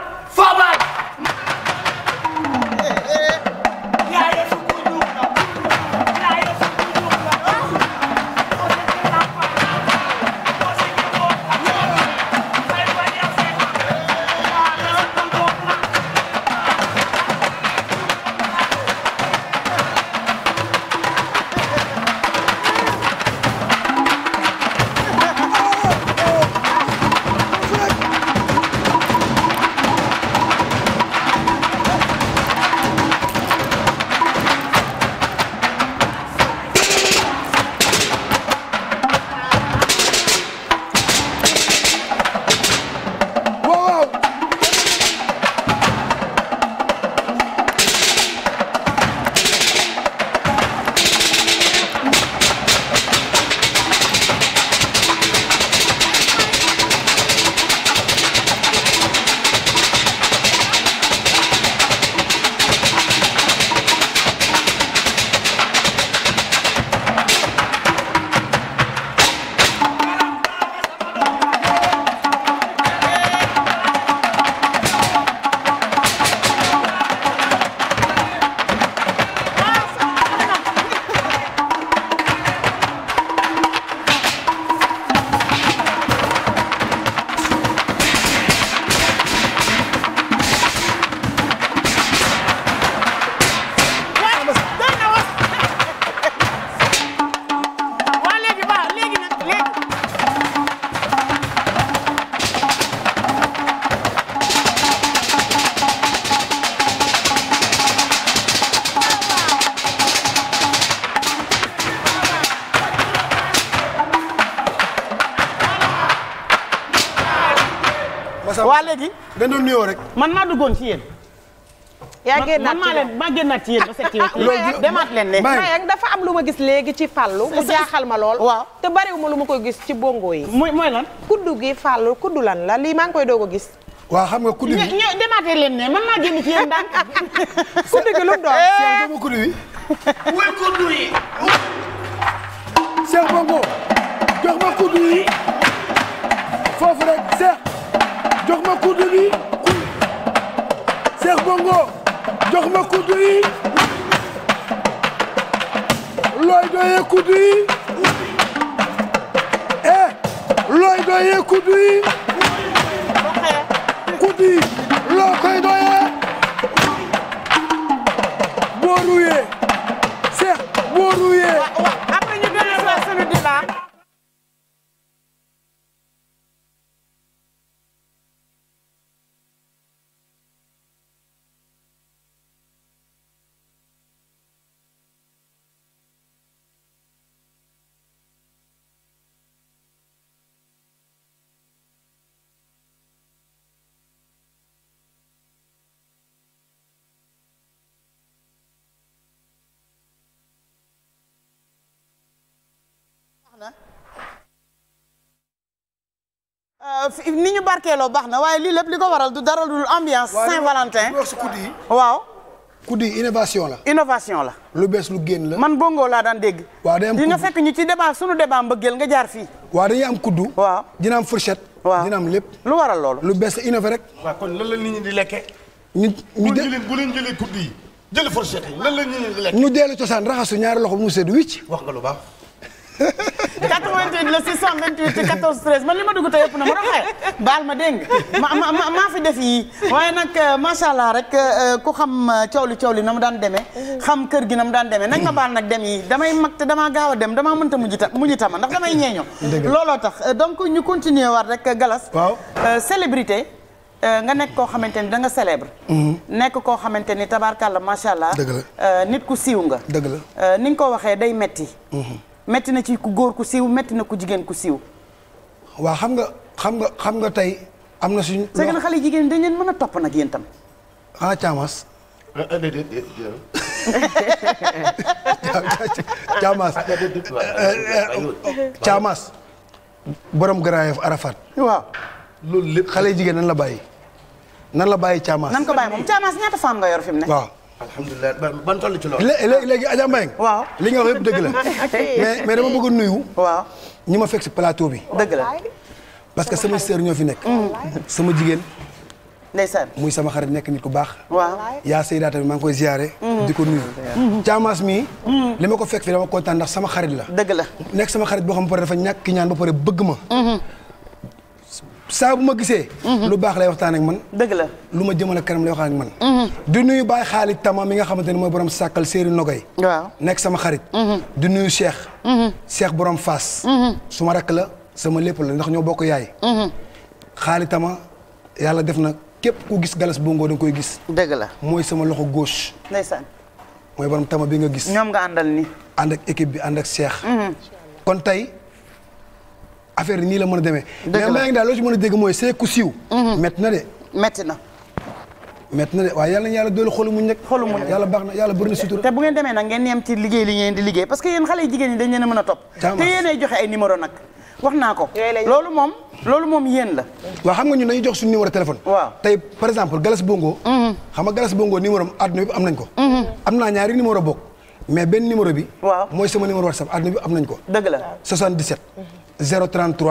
duggoon ci yéen. yaa génnaat ci yéen man maa génnaat demaat leen ne Mbayang dafa am lu ma gis léegi ci fàllu mu jaaxal ma lool. waaw te bariwuma lu ma ko gis ci bongo yi. mooy mooy lan. kuddu gi fàllu kuddu lan la lii maa ngi koy doog a gis. waaw xam nga kuddu gi ñu ñu leen ne man maa génn ci yéen daan [laughs] kuddu gi lu mu doon. Eh! [laughs] jox ma kuddu yi foofu rek seex jox ma kuddu bi. Cheikh Bongo jox ma kuddu yi looy doyee kuddu yi eh looy doyee kuddu yi kuddu yi loo koy doyee boo ruyee Cheikh boo ruyee ni ñu barkeeloo baax na waaye lii lépp li ko waral du dara dul ambiance Saint-Valentin wax si kuddi yi waaw la lu bees lu génn la man bongo laa daan dégg waaw day am di nga fekk ñu ci débat suñu débat mbëggeel nga jaar fii waaw dañuy am kuddu waaw dina am fourchette waaw dina lépp lu waral loolu lu bees innové rek waaw kon lan la nit lekkee ñu ñu jëlee bu leen jëlee kuddi yi jël fourchette yi lan la nit ñi di lekkee ñu dellu cosaan raxasu ñaari loxo mu sedd wicc wax nga lu baax 88 la 628 14 13 man li ma dugg tey yëpp na ma doxee baal ma dégg ma maa fi def yii waaye nag euh, macha allah rek euh, ku xam euh, coow li coow na mu daan demee xam kër gi na mu daan demee nag ma baal nag dem yi damay mag te damaa gaaw a dem damaa mënta mujj tam mujj tama ndax damay ñeeño looloo tax donc ñu continuer war rek galas waaw célébrité nga nekk koo xamante ni da nga célèbre mm-hmm. nekk koo xamante ni tabaarkàlla macha allah dëgg la nit ku siiw nga dëgg la ni ko waxee day metti mm-hmm. metti na ci ku góor ku siiw metti na ku jigéen ku siiw. waaw xam nga xam nga xam nga tey am na suñ c'est que xale jigéen dañ leen mën a topp nag yéen tam. ah Thiamas. Ah, ah, [laughs] Thiamas Thiamas borom Garaayef Arafat. waaw. loolu xale jigéen nan la bàyyi. nan la bàyyi Thiamas. nan ko bàyyi moom Thiamas ñaata femme nga yor fi ne. alhamdulilah ban toll ci loolu. léegi léegi Adja Mbengue. waaw li nga wax yëpp dëgg la. [laughs] mais mais dama bëgg nuyu. ñi ma fekk si plateau bi. dëgg la. parce que sama sœur ñoo fi nekk. Mm. sama jigéen. ndeysaan muy sama xarit nekk nit ku baax. waaw yaa Seyda tamit maa ngi koy ziare. Mm-hmm. di ko nuyu. caamaas mm-hmm. mii. Mm-hmm. li ma ko fekk fi dama kontaan ndax sama xarit la. dëgg la nekk sama xarit boo xam ne dafa ñàkk ki ñaan ba pare bëgg ma. saa bu ma gisee. Mhm. lu baax lay waxtaan ak man. dëgg la lu ma jëmale kanam lay waxtaan ak man. Mhm. di nuyu Baye Xaalit Tama mi nga xamante ne mooy borom sàkkal séeri Nogay. waaw nekk sama xarit. Mhm. di nuyu Cheikh. Cheikh borom Faas. su ma rakk la sama lépp la ndax ñoo bokk yaay. Xaalit Tama yàlla def na képp ku gis galas bongo da nga koy gis. dëgg la mooy sama loxo gauche. ndeysaan. mooy borom Tama bi nga gis. ñoom nga àndal ni ànd ak équipe bi ànd ak Cheikh. kon tey. affaire nii la mën a demee. mais mbéy daal loo ci mën a dégg mooy seeku siiw. métti na de. métti na. métti na de waaye yàlla na yàlla doole xolu muñ rek. xolu muñ yàlla baax na yàlla bëri na sutura. te bu ngeen demee nag ngeen yem ci dañ leen a a topp. te yéenay joxe ay numéro nag. wax naa ko loolu moom loolu moom yéen la waaw xam nga ñun dañuy jox suñ numéro téléphone waaw tey par exemple Galas Bongo mhm. xam Galas Bongo numéro am àdduna yëpp am nañ ko mhm. am naa ñaari numéro bokk mais benn numéro bi. waaw mooy sama numéro WhatsApp àdduna bi am nañ ko. dëgg la 77. 033.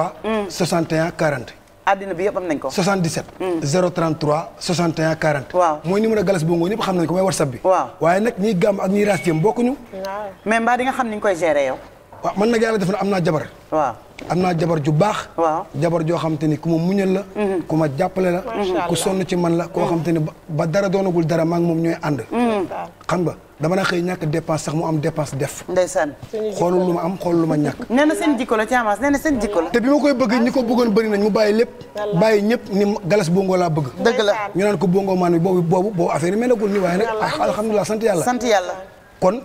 61 40. àddina bi yëpp am nañ ko. 77. 033 61 40. waaw mooy numéro Galas Bongo ñëpp xam nañ ko mooy WhatsApp bi. waaw waaye nag ñiy gàmm ak ñiy raas jëm bokkuñu. waaw mais mbaa di xam ni ñu koy gérer yow. waaw man nag yàlla def na am naa jabar. waaw. am naa jabar ju baax waaw jabar joo xam te ni ku ma muñal la mhm. ku ma jàppale la ku sonn ci man la koo xam te ni ba dara doonagul dara maa moom ñooy ànd mhm. xam nga dama na xëy ñàkk dépense sax mu am dépense def ndeysaan xoolul lu ma am xoolul lu ma ñàkk nee na seen jikko na seen jikko la te bi ma koy bëgg ñi ko bëggoon bëri nañ mu bàyyi lépp bàyyi ñëpp ni galas bongo laa bëgg dëgg la ñu naan ko bongo maan bi boobu boobu boobu affaire yi melagul ni waaye nag ah, alhamdulilah sant yàlla sant yàlla kon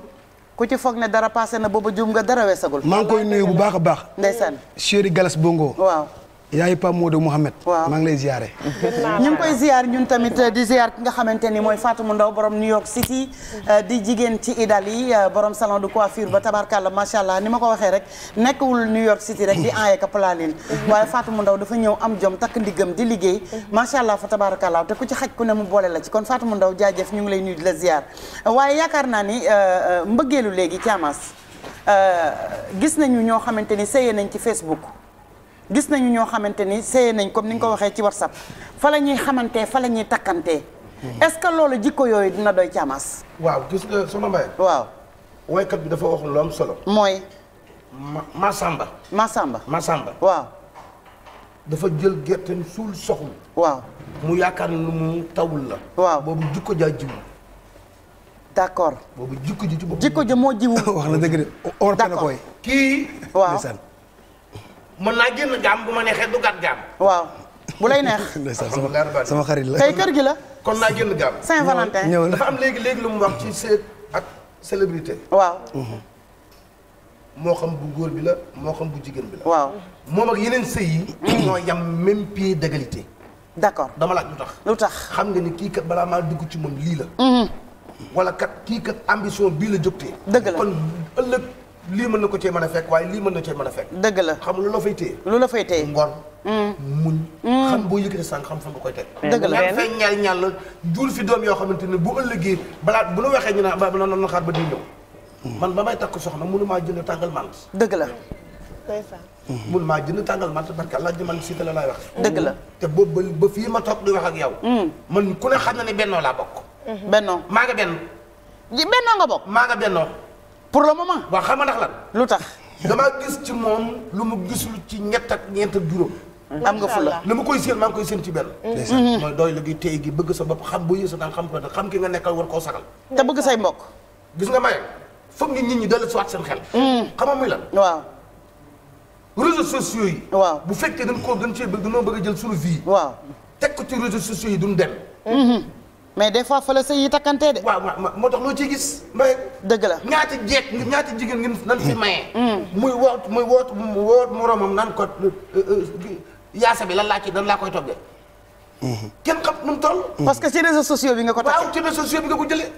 ku ci foog ne dara passé na ba juum nga dara weesagul. maa ngi koy nuyu bu baax a baax. ndeysaan chéri Galas Bongo. waaw. yaay Pape Modou Mouhamed. waaw maa ngi lay ziare. ñu koy ziar ñun tamit di ziar ki nga xamante ni mooy Fatou Ndaw borom New York City. Euh, di jigéen ci Idali euh, borom salon de coiffure ba tabarkalla macha allah ni ma ko waxee rek nekkul New York City rek di [laughs] enye ka plaline. waaye Fatou Ndaw dafa ñëw am jom takk ndiggam di liggéey. macha allah fa tabarkalla te ku ci xaj ku ne mu boole la ci kon Fatou Ndaw jaajëf ñu ngi lay nuyu di la ziar waaye yaakaar naa ni euh, mbëggeelu léegi Thiamas nañu ñoo xamante ni sëyee nañ ci Facebook. gis nañu ñoo xamante ni séye nañ comme ni nga ko waxee ci whatsapp fa la ñuy xamantee fa la ñuy takkantee hmm. est-ce que loolu jikko yooyu dina doy caamaas waaw gis nga soxna Mbaye waaw woykat bi dafa waxul lu solo mooy ma Massamba Massamba Massamba waaw dafa jël gerteem suul soxlu waaw mu yaakaar ne lu mu tawul la waaw boobu jikko jaa jiwu d'accord boobu jikko ji ci boppam jikko ja moo jiw [laughs] wax na dëgg de or koy kii waaw mën naa génn gaam bu ma neexee du gàtt gaam. waaw bu lay neex. [laughs] sama xarit la tey kër gi la. kon naa génn gaam. Saint-Valentin ñëw dafa am léegi léegi lu mu wax ci ak célébrité. waaw. Mhm. xam bu góor bi la moo xam bu jigéen bi waaw moom ak yeneen sëy yi. mooy mhm. yam même pied d'égalité. d'accord dama laaj lu tax. lu tax xam nga ni kii kat balaa maa dugg ci moom lii la. Mhm. wala kat kii kat ambition bii la jógtee. dëgg la lii man na ko cee mën a fekk waaye lii mën na cee mën a fekk. dëgg la xam lu la fay téye. lu la fay téye ngor. Mm. muñ. Mm. xam boo yëkkati sànq xam fi doom yoo xamante ne bu ëllëgee balaa bu la waxee ñu naan ba na noonu xaar ba di ñëw. Mm. man ba may takk soxna mënu maa jënd tàngal mànt. dëgg la. mun maa jënd tàngal mànt barke Allah ji man la laay wax. dëgg la ba fii ma toog man ku ne xam ne bennoo laa bokk. bennoo maa nga benn. ji bennoo nga bokk. maa nga pour le moment. waaw xam nga ndax lan. lu tax. damaa gis ci moom lu mu gisul ci ñett ak ñeent juróom. am nga fula la ma koy séen maa koy séen ci benn mooy doy la gi tey gi bëgg sa bopp xam boo yësa daan xam ko xam ki nga nekkal war koo sagal te bëgg say mbokk gis nga maye foog ngi nit ñi dala si waat seen xel mm. xam nga muy lan waaw réseaux sociaux yi waaw bu fekkee dañ koo gën cee bëgg dañoo bëgg a jël sunu vie waaw teg ko ci réseaux sociaux yi duñ dem mm-hmm. mais des fois fa la sëy yi takkantee de. waaw waaw moo tax loo ciy gis. mais dëgg la ñaati jeeg ñaati jigéen ngeen nan fi mm. maye. Mm. muy woot muy woot mu woot moroomam nan ko euh, euh, yaasa bi lan laa ci lan laa koy toggee. Mm-hmm. kenn xam nu mu toll. parce que ci réseaux sociaux bi nga ko. takkee waaw ci réseaux bi nga ko jëlee.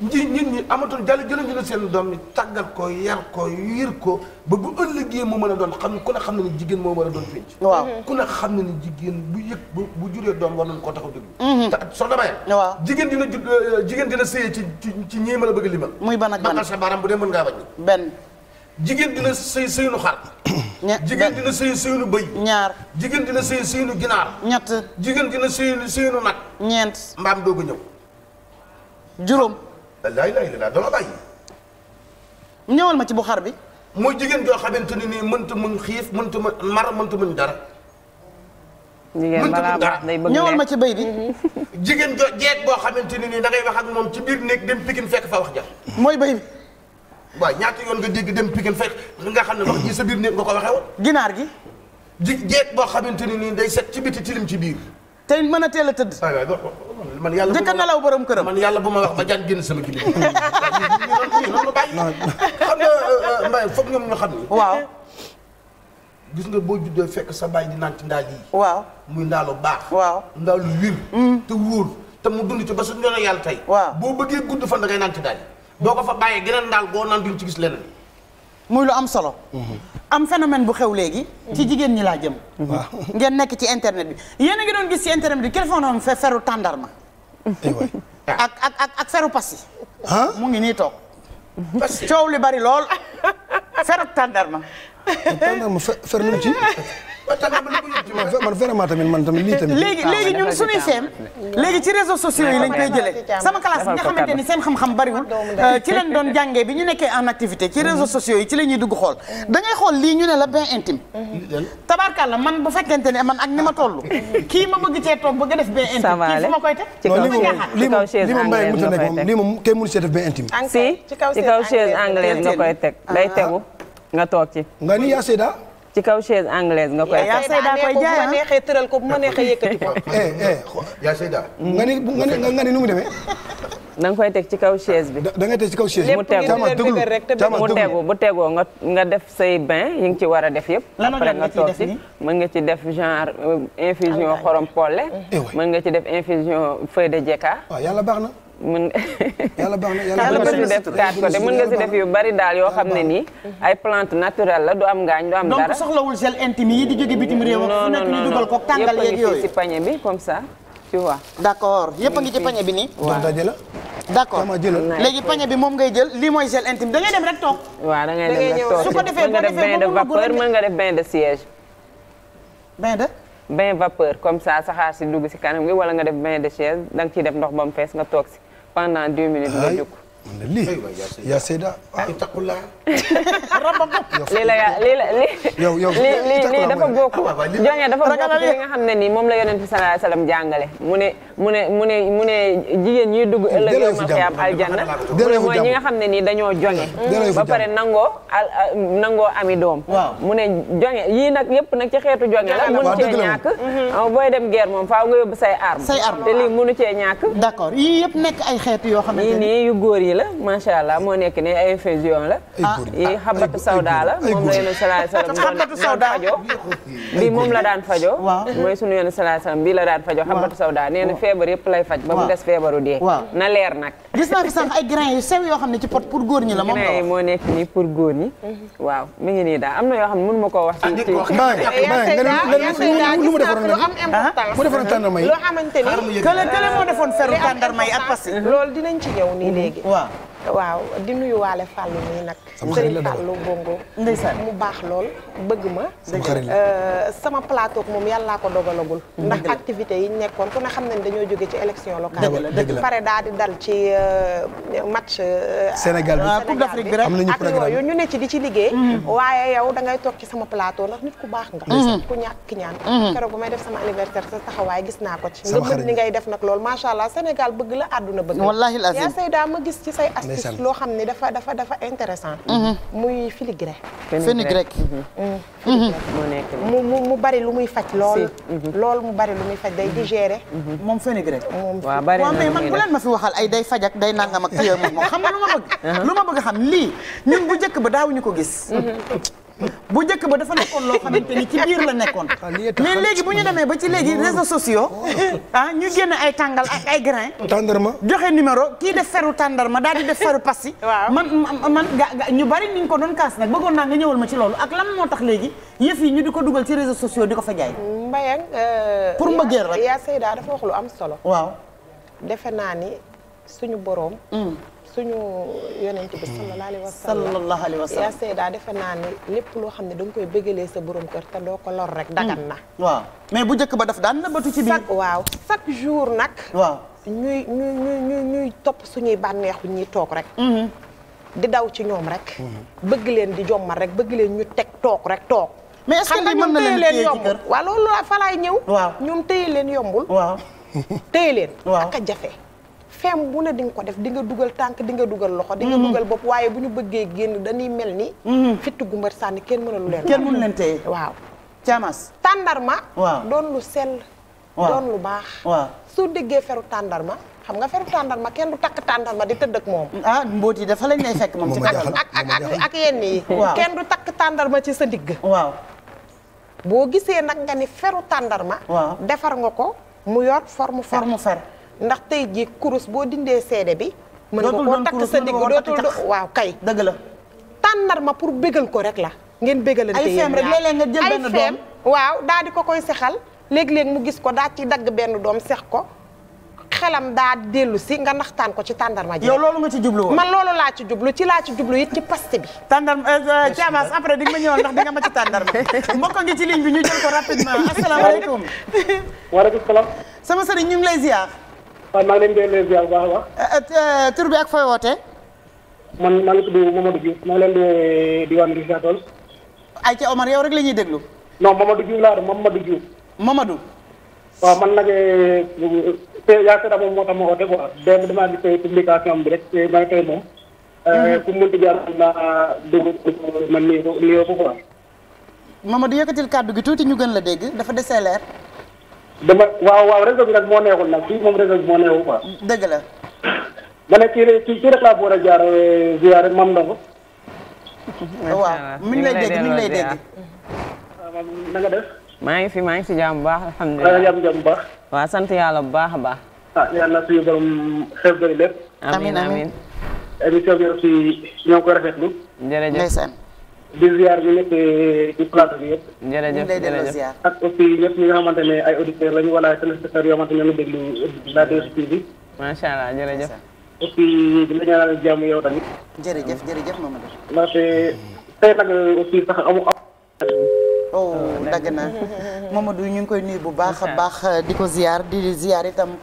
nji nit ñi amatul jàll jëluñu la seen doom yi tàggat ko yar ko yir ko ba bu ëllëgee mu mën a doon xam ku ne xam na ni jigéen moo mën a doon pénc waaw ku ne xam na ni jigéen bu yëg bu juree doom war nañ koo taxaw déglu mm-hmm. te soxna Maye waaw jigéen dina euh, euh, jigéen dina sëyee ci ci ñii ma la bëgg limal muy ban ak ban banal sa baaraam bu dee mën ngaa bañ benn jigéen dina sëy sëynu xar [coughs] jigéen dina sëy sëynu bëy ñaar jigéen dina sëy sëynu ginaar ñett jigéen dina sëy sëynu nag ñeent mbaam doogu ñëw juróom laa ilaaha illallaah dama bàyyi. ñëwal ma ci bu xar bi. mooy jigéen joo xamante ne nii mënta muñ xiif mënta muñ mar mënta muñ dara. jigéen balaa baax day ñëwal ma ci béy bi. [laughs] jigéen joo jeeg boo xamante ne nii da ngay wax ak moom ci biir néeg dem Pikine fekk fa wax ja. mooy béy bi. waaw ñaata yoon nga dégg dem Pikine fekk nga xam ne wax ji sa biir néeg nga ko waxee woon. ginaar gi. ji jeeg boo xamante ne nii day set ci biti tilim ci biir. te mën a teel a tëdd. man yàlla njëkk a nelaw borom këram. man yàlla bu ma wax ba jaan génn sama kii bi. ma bàyyi. xam nga euh, Mbaye foog ñoom ñu xam ni. waaw. gis nga boo juddoo fekk sa baay di naan ci ndaal yi. waaw muy ndaalu baax. waaw ndaalu wir. Mm. te wóor te mu dund ci ba su ñoree yàlla tey. waaw boo bëggee gudd fan da ngay ci ndaal yi. boo ko fa bàyyee geneen ndaal boo naan ci gis leneen. muy lu am solo. Mhm. am phénomène bu xew léegi. ci jigéen ñi laa jëm. ngeen nekk ci internet bi yéen a ngi doon gis ci internet bi kilifa noonu fe feru tàndarma. Eh ak ak ak ak feru pasi. mu ngi nii toog. coow li bari lool feru tàndarma. tàndarma fer lu mu ci. man vraiment tamit man tamit lii tamit. léegi léegi ñun suñuy feem léegi ci réseaux sociaux yi lañ koy jëlee sama classe bi nga xamante ni seen xam-xam bariwul euh, ci lañ doon jàngee bi ñu nekkee en activité ci réseaux sociaux yi ci la ñuy dugg xool da ngay xool lii ñu ne la bain intime la man bu fekkente ne man ak ni ma toll kii ma bëgg cee toog bëgg a def bain intime kii fu ma koy teg lii moom kenn mënu cee def bain intime si ci kaw chaise anglaise nga toog ci. nga ni yaa Seyda. ci kaw chaise anglaise nga koy. yaa Seyda koy bu ma ah. neexee tëral ko bu ma neexee yëkkati ko. [laughs] Eh, eh, yaa Seyda. Mm-hmm. nga ni nga ni nu mu demee. [laughs] nga koy teg ci kaw chaise bi. da nga teg ci kaw chaise bi mu tegu mu tegu bu tegoo nga nga def say bain yi nga ci war a def yëpp. après nga toog ci mën nga ci def genre euh, infusion xorom polle. Eh mën nga ci def infusion feuille de jeka. mën yàlla baax na yàlla mën si def kaat ko de mën nga si def yu bari daal yoo xam ne nii ay plante naturelle la du am ngaañ du am dara donc soxlawul gel intime yi di jóge bitim réew ak fu nekk ñu dugal ko tàngal yeeg yooyu si panier bi comme ça tu vois d'accord yëpp a ngi ci panier bi nii waaw d'accord léegi panier bi moom ngay jël lii mooy gel intime da ngay dem rek toog waaw da ngay dem rek toog su ko defee boo defee bain de vapeur mën nga def bain de siège bain de bain vapeur comme ça saxaar si dugg si kanam gi wala nga def bain de siège da nga ciy def ndox ba mu fees nga toog si pendant deux minutes nga man la lii yaa Seyda waaw yow yow lii ah, dafa bokk jonge dafa bokk li nga xam ne nii moom la yonent fi sallallahu alayhi wasallam jàngale mu ne mu ne mu ne mu ne jigéen ñuy dugg ëllëg yow ma xiyaam aljanna mu ne mooy ñi nga xam ne nii dañoo jonge ba pare nangoo al nangoo ami doom mu ne jonge yii nag yëpp nag ci xeetu jonge la mënu cee ñàkk mhm. ah, booy dem guerre moom faaw nga yóbbu say arme te lii mënu cee ñàkk d'accord yii yëpp nekk ay xeetu yoo xam ne nii yu góor yi kii la macha allah moo nekk ni ay infusion la. yi ah, xabatu sawda la moom la bi la daan fajoo. mooy sunu yónnee salaay la daan ba mu des feebaru dee. na leer nag. gis naa fi sànq ay grains yu sew yoo xam ne ci pot pour góor ñi la moom la wax. moo nekk nii pour góor ñi. Mhm. waaw mi ngi nii daal am na yoo xam ne mënuma koo wax. ci ci pas waaw di nuyuwaale Fallou nii nag. Serigne Fallou Bongo. ndeysaan mu baax lool bëgg ma. sama euh, plateau moom yàllaa ko dogalagul. ndax activité yi nekkoon ku ne xam nañ dañoo jóge ci élection locale. dëgg pare daal di dal ci euh, match. Euh, Sénégal bi Coupe d'Afrique bi rek am nañu programme ak yooyu ñu ne ci di ci liggéey. Mm-hmm. waaye yow da ngay toog ci sama plateau ndax nit ku baax nga. Mm-hmm. ku ñàkk ñaan. Mm-hmm. keroog bu may def sama anniversaire sa taxawaay gis naa ko ci. nga mën ni ngay def nag lool macha allah Sénégal bëgg la àdduna bëgg. wallaahi yaa say ma gis ci say as gis loo xam ne dafa dafa dafa intéressant mhm. muy filigré fenugrec mhm. mhm. mu mu mu bari lu muy faj lool lool mu bari lu muy faj day digéré moom fenugrec moom mais man bu leen ma fi waxal ay day faj ak day nangam ak yooyu moom xam nga lu ma bëgg uh-huh. lu ma bëgg xam lii ñun bu njëkk ba daawuñu ko gis bu njëkk ba dafa nekkoon loo xamante ni ci biir la nekkoon ah, mais léegi bu ñu demee ba ci oh. léegi réseaux sociaux ah ñu génn ay tàngal ak ay grain tàndarma joxe numéro kii def feru tàndarma daal di def feru passi man man ñu bari ni ñu ko doon kaas nag bëggoon naa nga ñëwal ma ci loolu ak lan moo tax léegi yëf yi ñu di ko dugal ci réseaux sociaux di ko fa jaay mbayang euh, pour mbëggeel rek yaa Seyda dafa wax lu am solo waaw defe naa ni suñu boroom mm. suñu yonent bi sallallahu alayhi wa sallam sallallahu alayhi wa sallam yaa Seyda defe naa ne lépp loo xam ne da koy bëggalee sa borom kër te doo ko lor rek dagan hmm. na waaw mais bu jëkk ba daf daan nëbbatu ci biir waaw chaque jour nag waaw ñuy ñuy ñuy ñuy topp suñuy bànneexu ñuy toog rek hmm. di daw ci ñoom rek hmm. bëgg leen di jommal rek bëgg leen ñu teg toog rek toog mais est-ce que mën na leen téye ci kër ñëw waaw ñoom téye leen yombul waaw téye leen ak a jafe feem bu ne di ko def di nga dugal tànk di nga dugal loxo di nga mhm. dugal bopp waaye bu ñu bëggee génn dañuy mel ni mhm. fitt gumbar sànni kenn mënalu leen kenn mënu leen tey waaw caamas tàndarma waaw doon lu lu baax waaw soo déggee feru tàndarma xam nga feru tàndarma kenn du takk tàndarma di tëdd ak moom ah mbóot yi dafa lañ lay fekk moom ci ak ak ak yenn yi kenn du takk tàndarma ci sa ndigg waaw boo gisee nag nga ni feru tàndarma defar nga ko mu yor forme fer forme fer ndax tey jii kurus boo dindee seede bi. mën nga koo takk sa digg dootul do waaw kay. dëgg la tànnar ma pour bégal ko rek la. ngeen bégalante ay feem rek léeg-léeg nga jël benn doom waaw daa di ko koy sexal léeg-léeg mu gis ko daa ci dagg benn doom sex ko xelam daa dellu si nga naxtaan ko ci tàndarma ji yow loolu nga ci jublu woon man loolu laa ci jublu ci laa ci jublu it ci paste bi tàndarma euh, euh, Thiamas après di nga ma ñëwoon ndax di nga ma ci tàndarma [laughs] mbokk ngi ci ligne bi ñu jël ko rapidement asalaamaaleykum waaleykum salaam sama sëriñ ñu ngi lay ziar waaw maa ngi leen di leen baax a baax. Eh, eh, tur bi ak fooy wootee. man maa ngi tudd Mamadou Diouf maa ngi leen di diwaan di Richard Toll. ay ca Omar yow rek la ñuy déglu. non Mamadou Diouf laa doon Mamadou Diouf. waaw man nag eh, yaakaar naa moom moo tax ma woote quoi démb damaa gis publication bi rek te maa moom. Mm-hmm. ku mu mënti jaar naa dégg man nii nii ko quoi. Mamadou yëkkatil kàddu gi tuuti ñu gën la dégg dafa desee leer. dama waaw waaw réseau bi nag moo neexul nag fii moom réseau bi moo neexul quoi. dëgg la. ma ne kii rek kii rek laa boole jaar euh, ziar mam Ndongo. waaw mi ah, maa ngi fi maa ngi si jàmm bu baax alhamdulilah maa bu baax. waaw sant yàlla bu baax a baax. ah yàlla na suñu borom xeeb bëri lépp. amiin amiin émission rafetlu. jërëjëf di ziar bi nekk di plateau bi yëpp. jërëjëf jërëjëf ak aussi ñëpp ñi nga xamante ne ay auditeurs lañu wala téléspectateurs yoo xamante ne ñu déglu la 2STV. macha allah jërëjëf. aussi di la ñaanal jàmm yow tamit. jërëjëf jërëjëf Mamadou. ndaxte tey nag aussi sax amu am. oh dagg na [laughs] Mamadou ñu ngi koy nuyu bu baax a baax di ko ziar di ziar itam.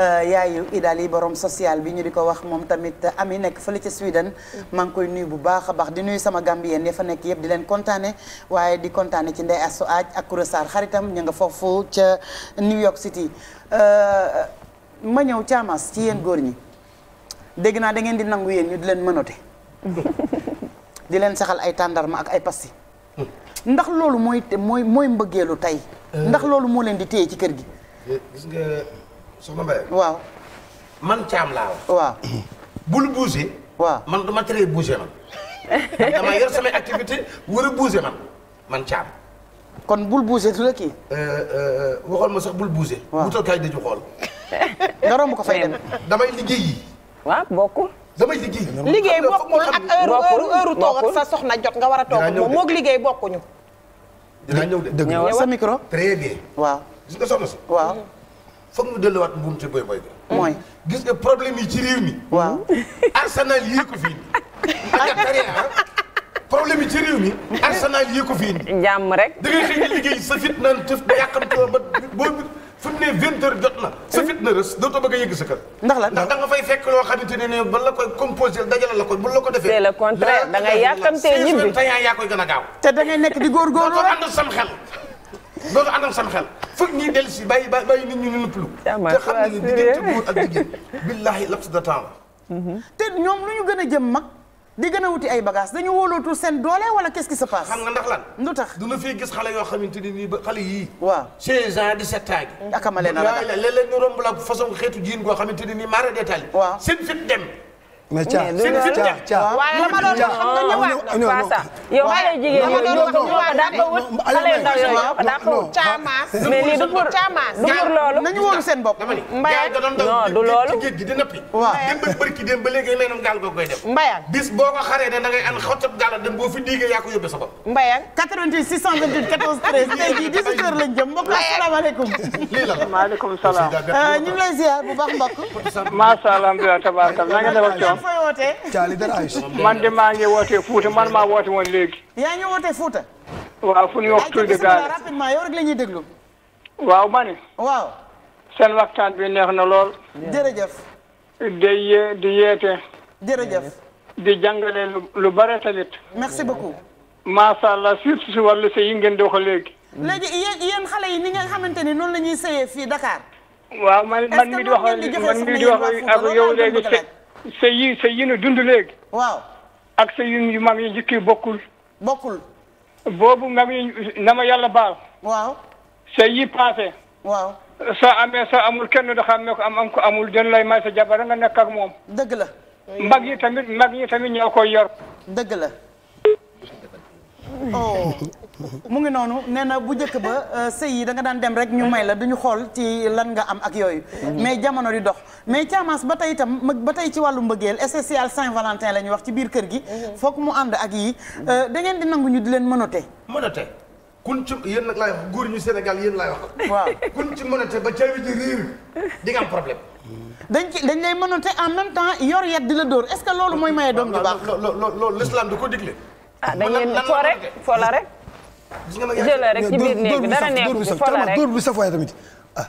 Euh, yaayu Idali borom social bi ñu di ko wax moom tamit euh, ami nekk fële ca Sweden mm. maa ngi koy nuyu bu baax a baax di nuyu sama gambiyeen ya fa nekk yëpp di leen kontaane waaye di kontaane ci Ndeye Astou Aaj ak Koura Sarr xaritam ñu nga foofu ca New York City euh, ma ñëw caamas ci yéen góor ñi dégg naa da ngeen di nangu yéen ñu di leen mënote [laughs] di leen saxal ay tàndarma ak ay pasti mm. ndax loolu mooy mooy mooy mbëggeelu tey ndax loolu moo leen di téye ci kër gi soxna Mbaye. waaw. man caam laa la. waaw. [clears throat] bul bougé. waaw man du ma teree bougé man. [laughs] dama yor samay activité war a man man caam. kon bul bougé du la kii. Euh, euh, waxoon ma sax bul bougé. waaw wutal kaay daju xool. [laughs] ko fay dem. damay liggéey yi. waaw bokkul. damay liggéey. liggéey bokkul ak heure heure toog sa soxna jot nga war a toog moom moog liggéey bokkuñu. dana ñëw de dëgg sa micro. très bien. waaw waaw. foog ñu delluwaat mbuum ci boy boy bi. mooy gis nga problème yi ci réew mi. waaw arsenal yii ko fii indi. Ah. problème yi ci réew mi. arsenal yii ko fi indi. jàmm rek. da ngay xëy liggéey sa fit naan tëf ba yàqamtoo ba boobu fu mu ne vingt jot na. sa fit na rës yëgg sa kër. ndax la ndax da nga fay fekk loo xamante ne ne ba la koy composé dajale la ko bu la ko defee. c'est le contraire da ngay yàqamtee ñibbi yaa koy gën a gaaw. te da nekk di góorgóorlu rek doo ko ànd sam xel. doo ko àndal sam xel foog ñuy dellu si bàyyi bàyyi nit ñu nëpp lu. te xam ne diggante góor ak jigéen billaahi laps de temps mhm. te ñoom lu ñu gën a jëm mag di gën a wuti ay bagages dañu wóolootul seen doole wala qu'est-ce qui se passe. xam nga ndax lan. lu tax dina fi gis xale yoo xamante ni nii ba xale yii. waaw 16 ans 17 ans gi. akamale na la léeg-léeg ñu romb la façon xeetu jiin goo xamante ni nii mara détaillé. waaw seen fit dem. mais caa caa caa waaye la ma doon wax xam nga ah, ñëwaat na Faasa yow xale jigéen ñi ñoo ko daa ko wut xale ndaw yi ñoo ko daa ko wut caamaas mais lii du pour caamaas du pour loolu nañu woon seen bopp mbayal non du loolu ci géej gi di nappi waaw dem ba bërki dem ba léegi meenam gaal goo koy def mbayal bis boo ko xaree ne da ngay an xottab gaal dem boo fi diigee yaa ko yóbbee sa bopp mbayal 88 628 14 13 tey jii 18 heures lañ jëm mbokk asalaamaaleykum lii la maaleykum salaam euh, ñu ngi lay ziar bu baax mbokk macha allah mbiya tabaarkalla na nga defal coon fooy wootee. man de maa ngi wootee Fouta man maa woote woon léegi. yaa ngi wootee Fouta. waaw fu ñuy wax Tour de Galle rapidement yow rek la ñuy déglu. waaw ma ne. waaw. seen waxtaan bi neex na lool. jërëjëf. di yeete. jërëjëf. di jàngale lu lu bare tamit. merci beaucoup. macha allah si wàllu sëy yi ngeen di wax léegi. léegi yéen xale yi ni nga xamante ni noonu la ñuy sëyee fii Dakar. waaw man man mi di wax man mi di yow léegi sëy yi sa yi nu dund léegi. waaw ak sëy yu mag yi njëkk yi bokkul. bokkul. boobu mag yi na yàlla baal. waaw sëy yi paase. waaw sa amee sa amul kenn da xam ko am am amul den lay may sa jabar nga nekk ak moom. dëgg la. mbag yi tamit mag yi tamit ñoo koy yor. dëgg la. [laughs] mu ngi noonu nee na bu njëkk ba euh, sëy yi danga daan dem rek ñu may la duñu xool ci lan nga am ak yooyu mhm. mais jamono di dox mais caamaas ba tey itam ba tey ci wàllu mbëggeel spécial Saint-Valentin la ñuy wax ci biir kër gi mhm. foog mu ànd ak yi euh, da ngeen di nangu ñu di leen mënote mënote kun ci yéen nag laay wax góor ñu Sénégal yéen laay wax waaw kun ci mënote ba caabi ji riir di nga am problème dañ ci dañ lay mënote en même temps yor yet di la dóor est ce que loolu mooy loolu l'islam di ko digle ah dañ leen foo rek jëlee rek ci biir néeg bi dara nekkul ci fola rek dóor bi ah,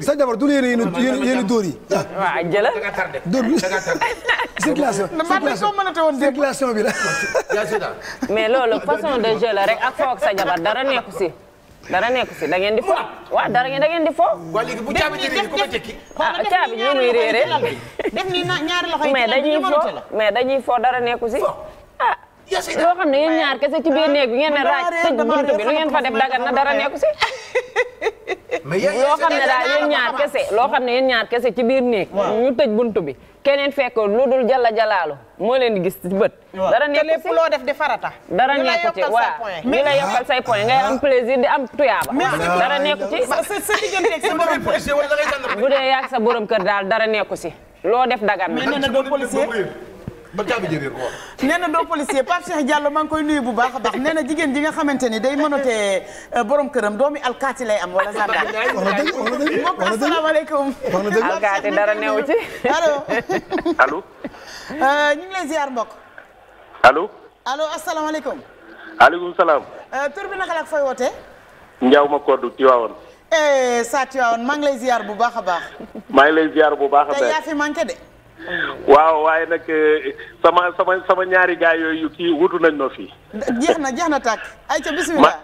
sa jabar du yéen yéen dóor yi. Ah. [laughs] [laughs] [laughs] loolu façon de jeu la foog sa jabar dara nekku si. da ngeen di fo. waaw dara ngeen da ngeen di fo. waaw léegi bu caabi ji réeré ku ma tekki. ah caabi ñu fo dara nekku si loo xam ne yéen ñaar kese ci biir néeg bi ngeen ne raaj tëj buntu bi lu ngeen fa def dagan na loo xam ne daal yéen ñaar loo xam ne yéen ñaar kese ci biir néeg ñu tëj buntu bi keneen fekk lu dul jalla jalaalu moo leen di gis ci bët dara nekku loo def di farata dara nekku ci waaw la yokkal say point am [laughs] plaisir di am tuyaaba [laughs] sa borom kër daal dara nekku si loo def dagan na ba caabi jëreer ko nee na doo policier Pape Cheikh Diallo maa ngi koy nuyu bu baax a baax nee na jigéen ji nga xamante ni day mënatee euh, borom këram doomi alkaati lay am wala sanda wala dëgg wala dëgg mbokk asalaamaaleykum alkaati dara newu ci allo allo euh, ñu ngi lay ziar mbokk allo allo asalaamaaleykum aleykum salaam euh, tur bi naka la ak fooy wootee njaaw ma koddu Tiwaawan eh, saa Tiwaawan lay ziar bu baax a baax maa ngi lay ziar bu baax a baax te yaa fi manqué de waaw waaye nag eh, sama sama sama ñaari gaa yooyu kii wutu nañ ma fii. jeex na jeex na tàkk ay ca bisimilah.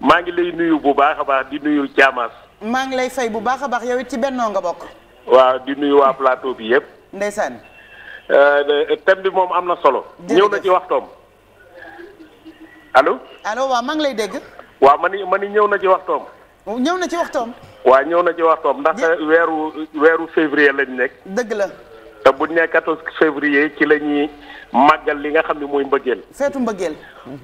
maa ngi lay nuyu bu baax a baax di nuyu Thiamas. maa ngi lay fay bu baax a baax yow it ci bennoo nga bokk. waaw di nuyu waa plateau bi yëpp. ndeysaan. Eh, thème bi moom am na solo. ñëw na ci waxtoom. allo. allo waa maa ngi lay dégg. waaw man ni man ñëw na ci waxtoom. ñëw na ci waxtoom. waa ñëw na ci waxtoom ndax weeru weeru février lañu nekk. dëgg la. te bu ñu nee 14 février ci la ñuy màggal li nga xam ne mooy mbëggeel. feetu mbëggeel.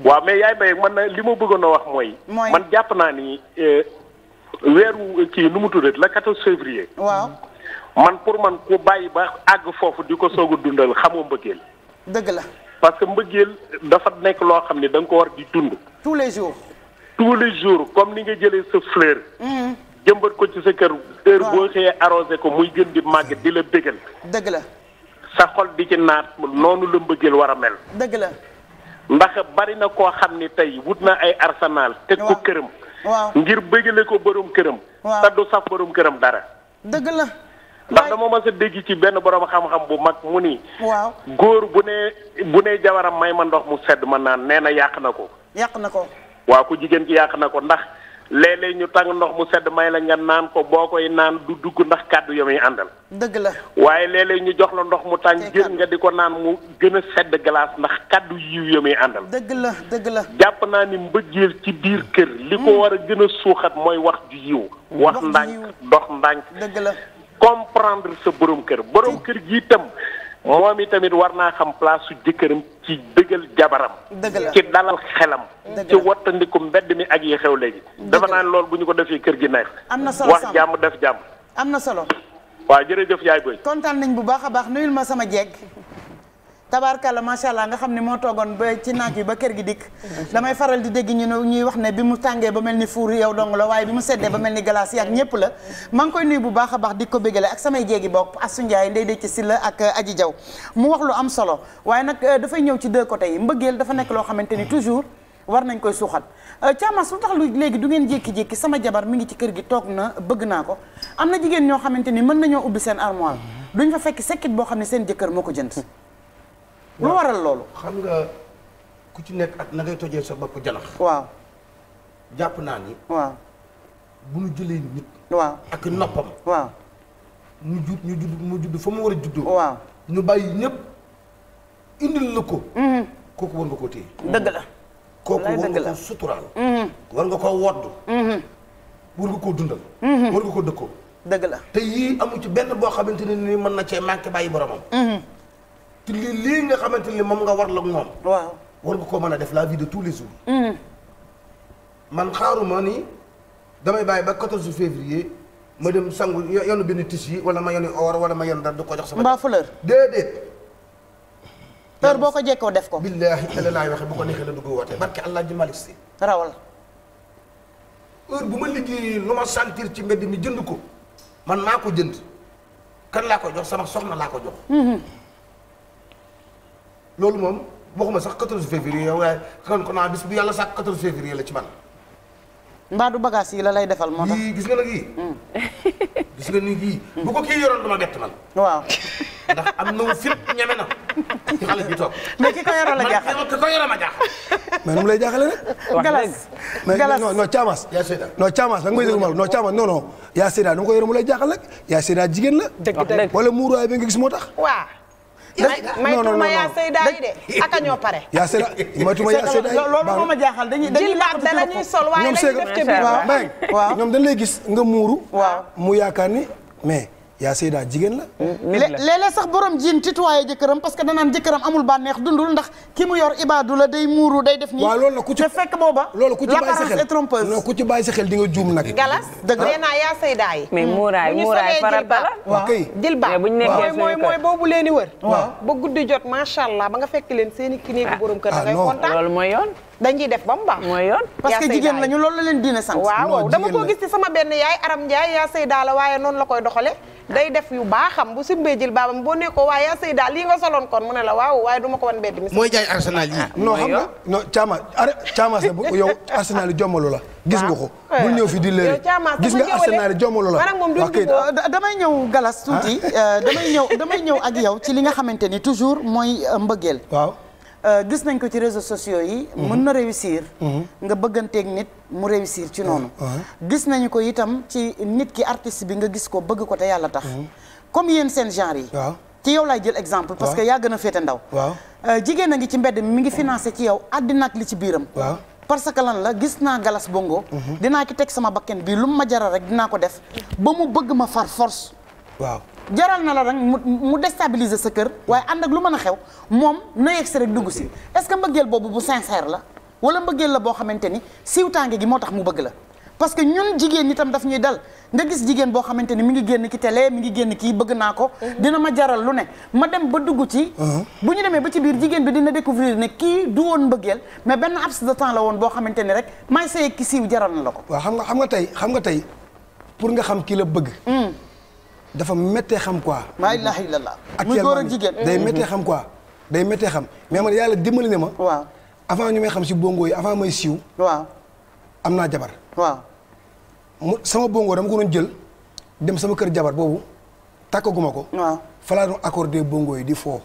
waaw mais yaay bay man li ma bëggoon a wax mooy. mooy man jàpp naa ni euh, weeru kii lu mu tuddati la 14 février. waaw man pour man ku bàyyi ba àgg foofu di ko soog a dundal xamoo mbëggeel. dëgg la parce que mbëggeel dafa nekk loo xam ne danga ko war di dund. tous les jours. tous les jours comme ni nga jëlee sa fleur. Mm-hmm. jëmbat ko ci sa kër heure boo xëyee arrosé ko muy gën di màgg di la bégal dëgg la sa xol di ci naat noonu la mbëggeel war a mel dëgg la ndax bari na koo xam ni tey wut na ay arsenal teg ko këram ngir bëggale ko borom këram te du saf borom këram dara dëgg la ndax dama mës a dégg ci benn borom xam-xam bu mag mu ni waaw góor bu ne bu ne jawaram may ma ndox mu sedd ma naan nee na yàq na ko yàq na ko waaw ku jigéen ci yàq na ko ndax léeg ñu tàng ndox mu sedd may la nga naan ko boo koy naan du dugg ndax kàddu ya àndal. dëgg la waaye léeg ñu jox la ndox mu tàng jën nga di ko naan mu gën a sedd glace ndax kàddu yiw ya àndal. dëgg la dëgg la. jàpp naa ni mbëggeel ci biir kër. li ko mm. war a gën a suuxat mooy wax ju yiw. wax ndànk dox ndànk. dëgg la comprendre sa borom kër borom kër gi itam. moom itamit war naa xam place su jëkkëram ci dëggal jabaram. ci dalal xelam. ci wattandiku mbedd mi ak yi xew léegi. dafa naan lool bu ñu ko defee kër gi neex. am na solo wax jàmm def jàmm. am na solo. waaw jërëjëf yaay booy. kontaan nañ bu baax a baax nuyul ma sama jeeg. tabaarkalla macha allah nga xam ne moo toogoon ba ci naaj wi ba kër gi dikk damay faral di dégg ñu ne ñuy wax ne bi mu tàngee ba mel ni fuur yow dong la waaye bi mu seddee ba mel ni glace yi ak ñëpp la maa ngi koy nuyu bu baax a baax di ko bégale ak samay jéegi bopp Asu Njaay ndey dëcc si la ak euh, Aji Jaw mu wax lu am solo waaye nag euh, dafay ñëw ci deux côtés yi mbëggeel dafa nekk loo xamante ni toujours war nañ koy suuxat caamas euh, lu tax lu léegi du ngeen jékki-jékki sama jabar mi ngi ci kër gi toog na bëgg naa ko am na jigéen ñoo xamante ni mën nañoo ubbi seen armoire duñ fa fekk sekkit boo xam ne seen jëkkër moo ko jënd lu waral loolu. xam nga ku ci nekk ak na ngay tojee sa bopp janax. waaw. jàpp naa ni. waaw. bu nu jëlee nit. waaw ak noppam. waaw. mu jud ñu judd mu judd fa mu war a juddoo. waaw ñu bàyyi ñëpp indil la ko. Mm-hmm. kooku war nga koo téye. dëgg la. kooku war nga koo suturaal. Mm-hmm. war nga koo wodd. Mm-hmm. war nga koo dundal. war nga koo dëkkoo. dëgg la te yii amu ci benn boo xamante ne ni mën na cee manqué bàyyi boromam. te li lii nga xamante ni moom nga war la moom. waaw war nga koo mën a def la vie de tous les jours. Mm. man xaaruma ni damay bàyyi ba 14 février ma dem sangu yenu benn tis yi wala ma yenu or wala ma yenu dara du ko jox sama. mbaa boo ko jekkoo def ko. billaahi te la laay waxee bu ko neexee la dugg wootee barke allah ji malik bu ma liggéeyee lu ma sentir ci mbedd mi jënd ko man maa ko jënd kan laa ko jox sama soxna laa ko jox. Mm-hmm. loolu moom waxuma sax 14 février yow waaye kon kon yàlla sax 14 février la ci man. mbaa du bagage yi la lay defal moo tax. gis nga la yii. gis nga hmm. [laughs] ni yii. bu ko kii yoroon dama bett man. waaw. na na ci xale bi toog. [laughs] mais ki ko yoroon ma jaaxal. lay jaaxalee rek. galas galas non non Thiamas. yaa Seyda ma non Thiamas non non. yaa Seyda nu mu ko yoroon mu lay jaaxal rek yaa Seyda jigéen la. dëgg dëgg wala muuruwaay nga gis moo tax. waaw. may tuuma yaa sey daay de ak a ñoo pare. yaa sey may tuuma yaa [laughs] sey daay loolu moo ma jaaxal dañuy dañuy laaj dana ñuy sol waaye dañuy def ci biir waaw ñoom dañ lay gis nga muuru. waaw mu yaakaar ni mais. yaa Seyda jigéen la. léeg-léeg sax borom jiin tutoyé jëkkëram parce que danaan jëkkëram amul bànneex dundul ndax ki mu yor ibaadu la day muuru day def. nii waaw loolu la ku ci te fekk booba. loolu ku ci bàyyi sa xel l'apparence est trompeuse. non ku ci bàyyi sa xel di nga juum nag. galas dëgg la nee ah. naa yaa Seyda yi. mais hmm. muuraay muuraay farata la waaw jilba mais bu ñu nekkee suñu kër mooy boobu leen i wër. waaw ba guddi jot macha allah ba nga fekk leen seen i. ah ah non kii néegu ah. borom kër ah, da ngay kontaan loolu mooy yoon dañuy def ba mu baax. mooy yoon parce que jigéen lañu loolu la leen diine sant. waaw dama ko gis ci sama benn yaay Aram Ndiaye yaa sëy daala waaye noonu la koy doxale day def yu baaxam bu simbee jël baabam boo nee ko waaye yaa sëy daal lii nga soloon kon mu ne la waaw waaye du ma ko wan mbedd mi. mooy jaay arsenal yi. non xam yow arsenal yi la. gis nga ko bu ñëw fi di léer gis nga arsenal yi jommalu la. waaw kay damay ñëw galas tuuti ah. euh, damay ñëw damay ñëw ak yow ci li nga xamante ni toujours mooy euh, mbëggeel waaw Euh, gis nañ ko ci réseaux sociaux yi. Mhm. mën na réussir. Mhm. nga bëgganteek nit mu réussir ci noonu. gis nañu ko itam ci nit ki artiste bi nga gis ko bëgg ko te yàlla tax. Mhm. comme yéen seen genre yi. ci yow laay jël exemple. parce que yaa féete ndaw. waaw euh, jigéen a ngi ci mbedd mi mi ngi financé ci yow àddina ak li ci biiram. parce que lan la gis naa galas bongo. dinaa ci teg sama bakken bii lu mu ma jaral rek dinaa ko def ba mu bëgg ma far force. waaw jaral na la rek mu mu déstabiliser sa kër waaye ànd ak lu mën a xew moom na yegg si rek dugg si est-ce que mbëggeel boobu bu sincère la wala mbëggeel la boo xamante ni siiwtaange gi moo tax mu bëgg la parce que ñun jigéen itam daf ñuy dal nga gis jigéen boo xamante ni mi ngi génn ki tele mi ngi génn kii bëgg naa ko mhm. dina ma jaral lu ne ma dem ba dugg ci mhm. bu ñu demee ba ci biir jigéen bi dina découvrir ne kii du woon mbëggeel mais benn abs de temps la woon boo xamante ni rek may ki siiw jaral na la ko waaw xam nga xam nga tey xam nga tey pour nga xam ki la bëgg hmm. dafa méttee xam quoi. maa ilaaha illallaah. muy góor ak jigéen day méttee xam quoi day méttee xam mais man yàlla dimbali ne ma. waaw avant ñu may xam si bongo yi avant may siiw. waaw am naa jabar. waaw mu sama bongo dama ko doon jël dem sama kër jabar boobu takkaguma ko. waaw fa doon accordé bongo yi di foo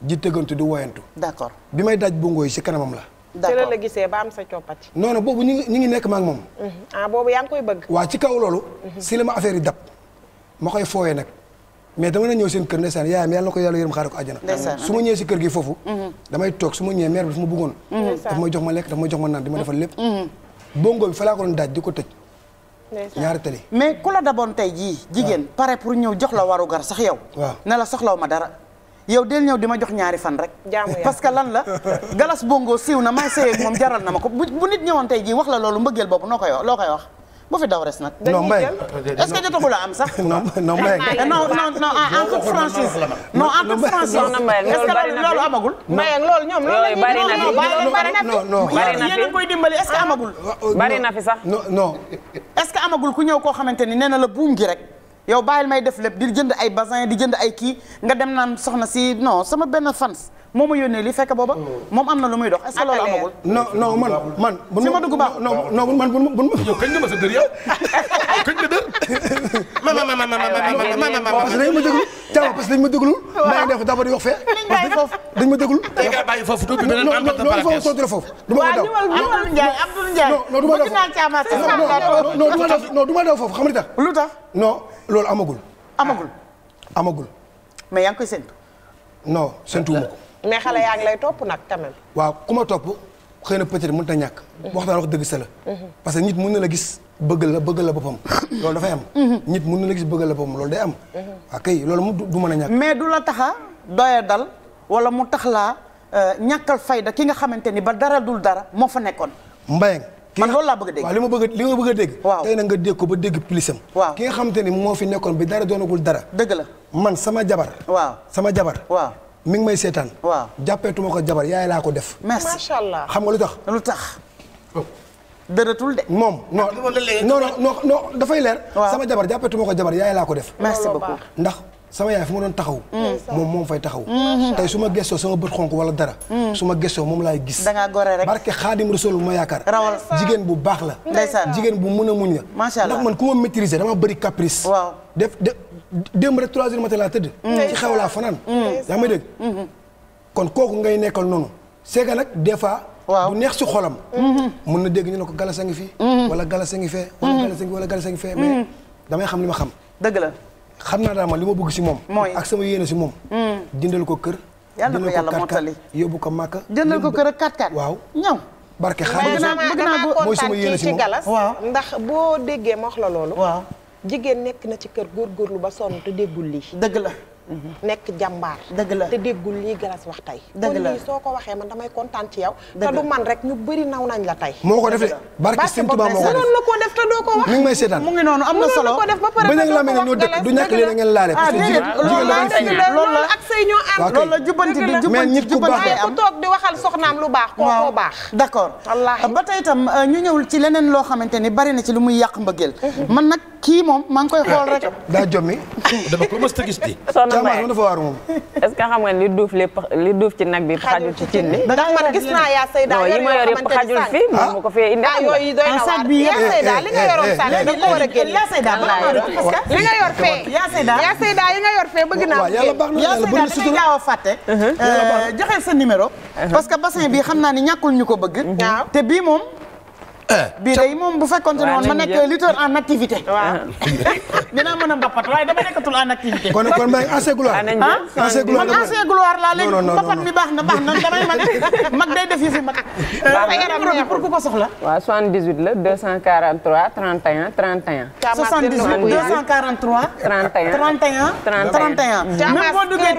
di tëggantu di woyantu. d'accord bi may daaj bongo yi si kanamam la. d'accord a gisee ba am sa coppati. non boobu ñu ngi ñu ngi nekk ma ak moom. Mm-hmm. ah boobu yaa ngi koy bëgg. waa ci kaw loolu. Mm-hmm. si la ma affaire yi ma koy foowee nag mais dama na ñëw seen kër ndeysaan yaayam yàlla na ko yàlla yërëm xaare ko àjjana su ma ñëwee si kër gi foofu mhm. damay toog su ma ñëwee mère bi dafa ma bëggoon dafa may jox ma lekk dafa may jox ma naan di ma defal lépp mhm. Mhm. bongo bi fa ko doon daaj di ko tëj ñaari tali mais ku la daboon tey jii jigéen pare pour ñëw jox la waru gar sax yow waaw ne la soxlaw ma dara yow del ñëw di ma jox ñaari fan rek parce que lan la [laughs] galas bongo siiw na may sëyeeg moom jaral na ma ko bu nit ñëwoon wax la loolu mbëggeel boobu noo koy loo koy wax boo fi daw res nag. non mbay est-ce am sax. non non mbay non non non en toute franchise. non en toute franchise est-ce que amagul. mbay ak loolu ñoom loolu la bari na fi a koy dimbali est-ce que ah, amagul. Ah, ah, bari na fi sax non non. est que amagul ku ñëw koo xamante ni nee na la buum gi rek. yow bàyyil may def lépp di jënd ay basin di jënd ay kii nga dem naan soxna si non sama benn fans moo ma yónnee li fekk booba. moom am na lu muy dox est-ce que loolu amagul. non man man. si ma dugg baaxul non man bu bu. yow kañ nga ma sa dër yow kañ nga dër. ma ma ma ma ma ma ma parce que dañ ma déglu caawa parce que ma déglu. waaw maa ngi def dafa di wax fee. parce que foofu dañ ma déglu. tey nga bàyyi foofu tuuti na par rapport non non mais xale yaa ngi lay topp nag quand waaw ku ma topp xëy na peut-être a ñàkk. wax daan wax dëgg sa la. parce que nit mun na la gis bëgg la bëgg la boppam. loolu dafay am. nit mun na la gis bëgg la boppam loolu day am. loolu mu du mën a ñàkk. mais du la taxa doya dal wala mu tax laa euh, ñàkkal fayda ki nga xamante ni ba dara dul dara moo fa nekkoon. Mbayang. man loolu laa bëgg a dégg li ma bëgg li ma bëgg a dégg. waaw tey na nga dégg ko ba dégg pilisam. waaw ki nga xamante ni moo fi nekkoon bi dara doonagul dara. dëgg la man sama jabar. waaw sama jabar. waaw mi ngi may seetaan. waaw jàppeetuma ko jabar yaay laa ko def. merci macha allah xam nga lu tax. lu tax. Oh. dërëtul de. moom non ah, non non non dafay leer. sama jabar jàppeetuma ko jabar yaay laa ko def. merci beaucoup ndax sama yaay fu ma doon taxaw. Mm. moom moom fay taxaw. tey su ma gëstoo sama bët xonk wala dara. Mm. su ma gëstoo moom laay gis. da ngaa gore rek barke xaadim rasul ma yaakaar. rawal jigéen bu baax la. ndeysaan jigéen bu mën a muñ la. macha ndax man ku ma maîtriser dama bëri caprice. waaw def def. démb rek 3 heures matin laa tëdd. ci xew laa fanaan. yaa may dégg. Mhm. kon kooku ngay nekkal noonu. seega nag des fois. neex si xolam. Mhm. mun na dégg ñu ne ko galasa mhm. ngi fi. wala galasa ngi fee. wala galasa ngi wala galasa ngi fee mais damay xam li ma xam. dëgg la. xam naa daal man li ma bugg si moom. mooy ak sama yéene si moom. jëndal ko kër. yàlla ko yàlla mottali yóbbu ko màkka. jëndal ko kër ak kat kat waaw ñëw. barke xam bëgg naa bëgg naa mooy sama yéene si moom ndax boo déggee ma la loolu. waaw jigéen nekk na ci kër góorgóorlu ba sonn te déggul lii. dëgg la. nekk jàmbaar. dëgg la te déggul lii galas wax tey. dëgg la kon lii soo ko waxee man damay kontaan ci yow. te du man rek ñu bëri naw nañ la tey. moo ko defee barke Sëñ Tuubaa moo ko def la koo def te doo ko wax. mi na solo ko def ba pare bañ a am ku toog di waxal soxnaam lu baax. kooku baax d'accord. wallaahi ba tey itam euh, ñu ñëwul ci leneen loo xamante ni bari na ci lu muy yàq mbëggeel mm-hmm. man nag kii moom maa ngi koy xool rek daa jommi dama ko mës a gis di Casamance dafa waar moom. est-ce que xam nga li duuf lépp li duuf ci nag bi xajul ci cin li. man gis naa yaa say yi na waar yaa say daal li nga a yor fee yaa say yi nga yor fee bëgg naa yaa say daal dangay gaaw a fàtte joxe sa numéro parce que bi xam naa ni ñàkkul ñu ko bëgg te bii moom Eh, bii day moom bu fekkoon ne woon ma nekk lutteur en activité. waaw eh. [laughs] dinaa mën a mbapat waaye dama nekkatul en activité. kon kon maa ah, gloire. laa léegi mbapat mi baax na baax na damay mag [laughs] day def yëfi mag. pour ku ko soxla. waaw 78 la 243 31 31. 78 243. 31 31 31. caa même boo duggee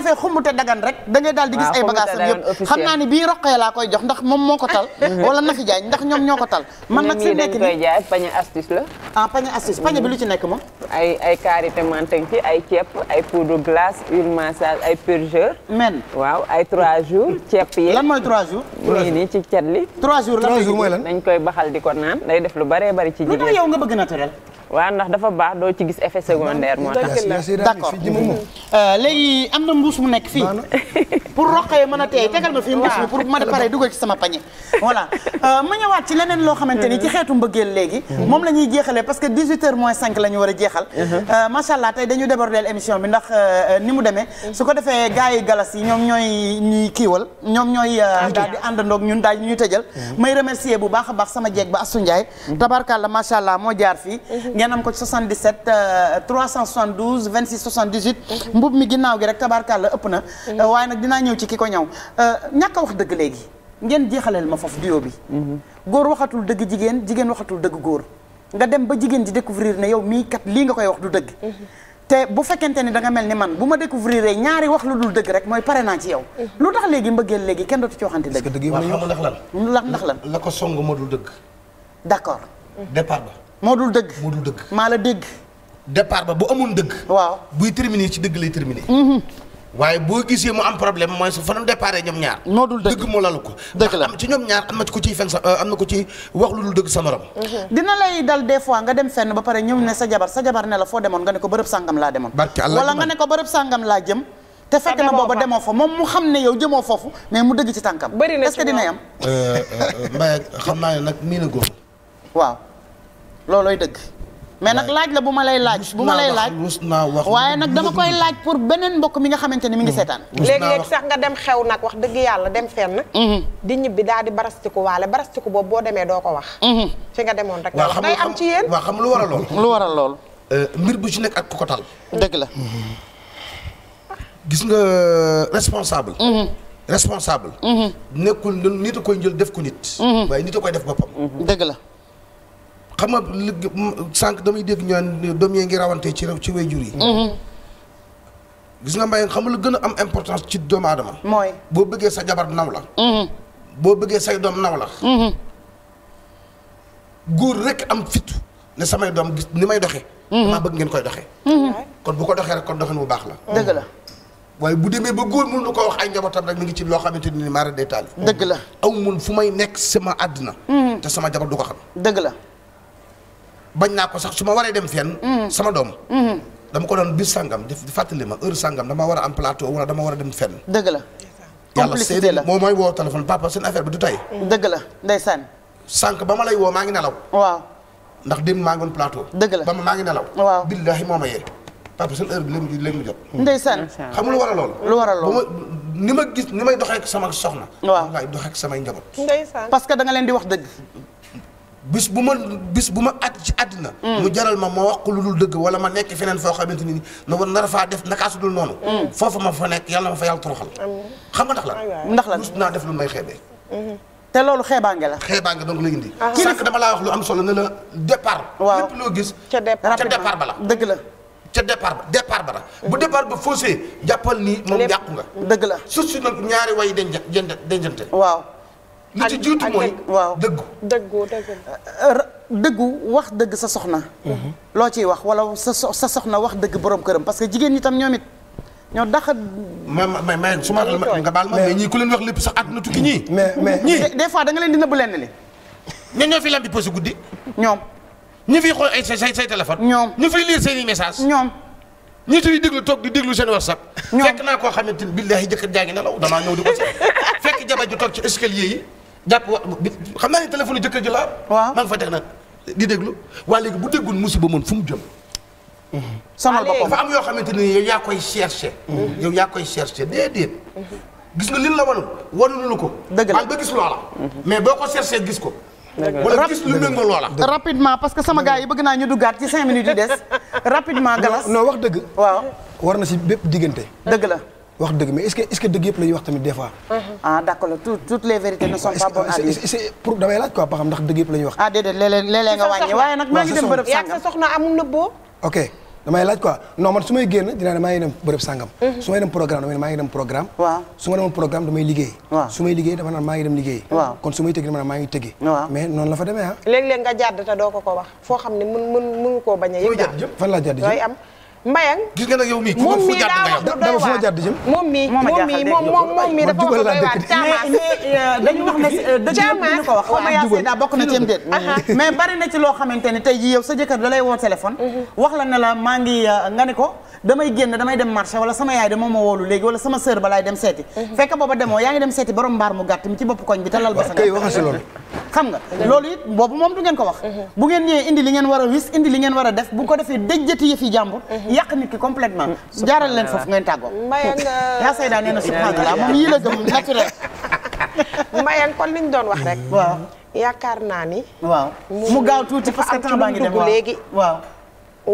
defee xumute dagan rek da daal di gis ay bagages yëpp. xam naa ni bii roqee laa koy jox ndax moom moo ko tal. [laughs] wala na fi ndax ñoom ñoo ko tal. man nag fi nekk nii jaay pañe astuce la. ah pañe astuce pañe bi lu ci nekk moom. ay ay karité manteng ci ay ceeb ay poudre glace huile massage ay purgeur. men waaw ay 3 jours ceeb yi. la mooy 3 jours. nii nii ci cat li. 3 jours lan mooy lan dañ koy baxal di ko naan day def lu baree bari ci jigéen. lu tax yow nga bëgg naturel. waa ndax dafa baax doo ci gis effet secondaire moo tax d'accord euh, léegi am na mbuus mu nekk fii [laughs] pour roqee mën a teey tegal ma fii mbuus mi pour ma pare dugal ci sama pañe voilà euh, ma ñëwaat ci leneen loo xamante ni ci xeetu mbëggeel léegi moom la ñuy jeexalee parce que 18 heures moins la ñu war a jeexal uh-huh. euh, macha allah tey dañu débordeel émission bi ndax ni mu demee su ko defee gars yi galas yi ñoom ñooy ñuy kiiwal ñoom ñooy ah, daal di àndandoog ñun daal ñuy tëjal uh-huh. may remercier bu baax a baax sama jeeg ba Assou Ndiaye uh-huh. la macha allah moo jaar fii ngeen am ko ci 77 372 26 78. mbub mi ginnaaw gi rek tabarkàlla ëpp na. Mm-hmm. Euh, waaye nag dinaa ñëw ci ki ko ñaw euh, ñàkk a wax dëgg léegi ngeen jeexaleel ma foofu duo bi. Mm-hmm. góor waxatul dëgg jigéen jigéen waxatul dëgg góor. nga dem ba jigéen ji découvrir ne yow mii kat lii nga koy wax du dëgg. Mm-hmm. te bu fekkente ni da nga mel ni man bu ma découvrir ñaari wax lu dul dëgg rek mooy pare naa ci yow. lu tax léegi mbëggeel léegi kenn dootu ci waxante dëgg. parce que dëgg yi ndax lan. ndax lan la ko song ma dul dëgg. d'accord. départ ba. moo dul dëgg moo dul dëgg maa la dégg départ ba bu amul dëgg waaw buy terminer ci dëgg lay terminer mhm. waaye boo gisee mu am problème mooy su fanu départ ñoom ñaar moo dul dëgg dëgg moo lalu ko dëgg la ci ñoom ñaar am ciy fen sa euh, am na ko ci wax lu dul dëgg sa morom mhm. dal des fois nga dem fenn ba pare ñëw ne sa jabar sa jabar ne la foo demoon nga ne ko bërëb sàngam laa demoon wala nga ne ko bërëb sàngam laa jëm te fekk na booba demoo fa moom mu xam ne yow jëmoo foofu mais mu dëgg ci tànkam est-ce que dina yam euh, euh, Mbaye xam naa ne nag mii na góor waaw loolooy dëgg. mais nag laaj la bu ma lay laaj. bu ma lay laaj waaye nag dama koy laaj pour beneen mbokk mi nga xamante ni mi ngi mm. seetaan. léegi-léegi sax nga dem xew nag wax dëgg yàlla dem fenn. Mm-hmm. di ñibbi daal di barastiku waale barastiku boobu boo demee doo ko wax. Mm-hmm. fi nga demoon rek. waaw xam am ci yéen. waaw xam lu waral lool. [laughs] lu waral lool. Euh, mbir bu ci nekk ak ku ko tal. dëgg la. gis nga euh, responsable. Mm-hmm. responsable. nekkul nit a koy jël def ko nit. waaye nit a koy def boppam. dëgg la. xam nga li damay dégg ñu naan doom yi ngi rawante ci ci wayjur yi. Mm-hmm. gis nga mbay xam nga lu gën a am importance ci doomu aadama. mooy boo bëggee sa jabar naw la. Mm-hmm. boo bëggee say doom naw la. Mm-hmm. góor rek am fit ne samay doom gis ni may doxee. damaa bëgg ngeen koy doxee. kon bu ko doxee rek kon doxin bu baax la. dëgg la. waaye bu demee ba góor mënu ko wax ay njabootam rek mi ngi ci loo xamante ni maara dee taal. dëgg la aw mun fu may nekk sama àddina. te sama jabar du dëgg la. bañ naa ko sax su ma waree dem fenn. Mm. sama doom. Mm-hmm. dama ko doon bis sangam di fàttali ma heure sangam dama war a am plateau wala dama war a dem fenn. dëgg la. yàlla seen moom mooy papa seen affaire bi du tey. Mm. dëgg la ndeysaan. sànq ba ma lay woo maa ngi nelaw. waaw. ndax démb maa ngi woon plateau. dëgg la ba ma maa ngi nelaw. waaw billaahi moo ma yee. papa seen heure bi léegi léegi mu jot. Mm. ndeysaan xam lu war a lool. lu war a lool ni ma gis ni may doxee ak sama soxna. waaw laay doxee ak samay njaboot. ndeysaan parce que da nga leen di wax dëgg. bis bu ma bis bu ma at ci àddina mm. mu jaral ma ma wax lu dul dëgg wala ma nekk feneen foo xamante ni na war nar faa def naka su dul noonu. Mm. foofu ma fa nekk yàlla ma fa yàlla toroxal. xam nga la ndax la rus naa def lu may xeebee. Mm-hmm. te loolu xeebaange la. xeebaange donc la indi. Ah. sànq dama laa wax lu am solo ne la départ. waaw lépp loo gis. ca départ ba la dëgg la. ca départ ba départ ba la. bu mm-hmm. départ ba see jàppal ni moom yàqu nga. dëgg la surtout nag ñaari way denja dencante. waaw. li ci jiitu mooy waaw dëggu dëggu euh, dëggu wax dëgg sa soxna mhm. loo ciy wax wala sa sa soxna wax dëgg borom këram parce que jigéen ñi tam ñoom it ñoo dax ma ma ma su ma nga baal ma mais leen wax lépp sax àdduna tukki ñii mais mais ñii des leen di nëbb lenn li ñoo ñoo ñoom ñu fiy xool ay say ñoom ñu fiy lire seen i message ñoom ñi tuy déglu toog di déglu seen whatsapp fekk naa koo xamante ni billaahi jëkkër jaa ngi nelaw damaa ñëw di ko [laughs] fekk jabar ji toog ci escalier yi jàpp wa xam naa ne téléphone jëkkër ji la. waaw maa ngi fa teg nag di déglu waa léegi bu déggul musiba moom fu mu jëm. Mm-hmm. sonal boppam dafa am yoo xamante ni yow yaa koy charge mm-hmm. yow yaa koy cherché déedéet. Mm-hmm. gis nga lin la lu lu ko. dëgg la ba gis loola. mais boo ko cherché gis ko. wala gis lu méngoo loola. rapidement parce que sama gars yi bëgg naa ñu duggaat ci cinq minutes [laughs] rapidement galas non wax dëgg. waaw war na si bépp diggante. dëgg la. wax dëgg mais est-ce que est-ce que dëgg yëpp la wax tamit des ah, damay laaj quoi ba xam ndax dëgg yëpp la wax. ah déedéet léeg nga wàññi nag maa ngi dem bërëb sàngam sa soxna amul nëbboo. ok damay laaj quoi su may dem programme damay ma demoon programme damay liggéey. waaw su may liggéey dama naan maa ngi dem liggéey. kon su may tëgg dama naan maa ngi tëgg. mais noonu la fa demee ah. léeg-léeg nga jàdd doo ko ko wax foo xam ne mun munu koo bañ a daal fan laa jàdd jëm Mbayang gis nga nag yow mii moom mii daaw du doy waar jàdd jëm moom mii moom mii moom moom wax doy euh, dañu wax ne euh, dëgg wax ma yaa daa bokk na ci ne tey jii yow sa jëkkër da woo téléphone mhm. wax la ne la maa ngi euh, nga ne ko damay génn damay dem marché wala sama yaay de ma woolu léegi wala sama sœur ba dem seeti mhm. fekk booba demoo yaa ngi dem seeti borom mbaar mu gàtt mi ci bopp koñ bi te lal ba sa xam nga loolu it boobu moom du ngeen ko wax mhm. bu ngeen ñëwee indi a wis indi li ko defee déjjati yëfi yàq nit ki complètement jaaral leen foofu ngeen tàggoo euh, yaa sayda nee na subhanallah moom yii la gëm naturel [laughs] mbayang kon liñ doon wax rek waaw yaakaar naa ni waaw mu gaaw tuuti parce que temps baa ngi dem léegi waaw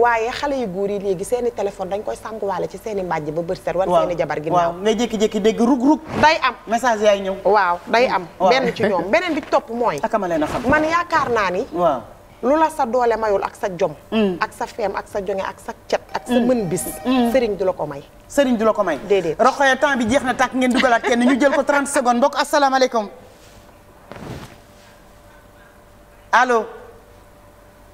waaye xale yu góor yi léegi seeni téléphone dañ koy sanguwaale ci seeni mbàjj ba bër set war seeni jabar ginnaaw waaw ngay jékki-jékki dégg rug-rug day am message yaay ñëw waaw day am benn ci ñoom beneen bi topp mooy man yaakaar naa ni lu la sa doole mayul ak sa jom mm. ak sa feem ak sa jonge ak sa cet ak sa mm. mën bis mm. sëriñ du la ko may sëriñ du la ko may déedéet roqoya temps bi jeex na tàkk ngeen dugalaat kenn ñu jël ko 30 secondes mbokk asalaamaaleykum allo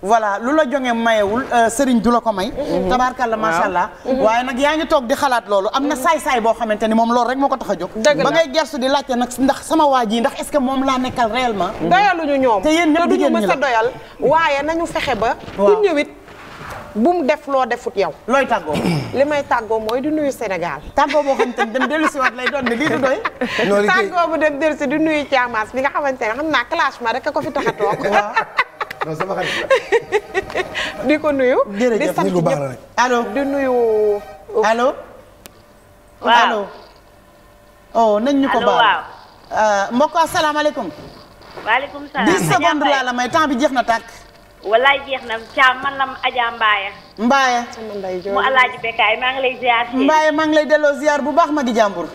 voilà lu la jonge mayewul euh, sëriñ du la ko may mhm. tabaarkalla macha allah mhm. waaye nag yaa ngi toog di xalaat loolu am na saay-saay boo xamante ni moom loolu rek moo ko tax a jóg ba ngay gersu di laajte nag ndax sama waa ji ndax est-ce que moom laa nekkal réellement mhm. doyaluñu ñoom te yéen ñëpp duñu mës a doyal waaye nañu bu mu def loo defut yow looy tàggoo [clears throat] li may tàggoo mooy di nuyu Sénégal tàggoo boo xamante ni dem dellusi waat lay doon ne lii [laughs] nga xamante ne xam naa classement rek a ko fi tax a [laughs] non sama xarit la. [laughs] di ko nuyu. di sant ñëpp allo oh, nañ ñu ko baal euh, mbokk asalaamaaleykum. waaleykum salaam. 10 laa la may temps bi jeex na tàkk. walaay jeex na Thiam man la Adja Mbaye. Mbaye. mu alaaji Bekkaay maa ngi lay ziar. Mbaye maa ngi lay delloo ziar bu baax ma di jàmbur.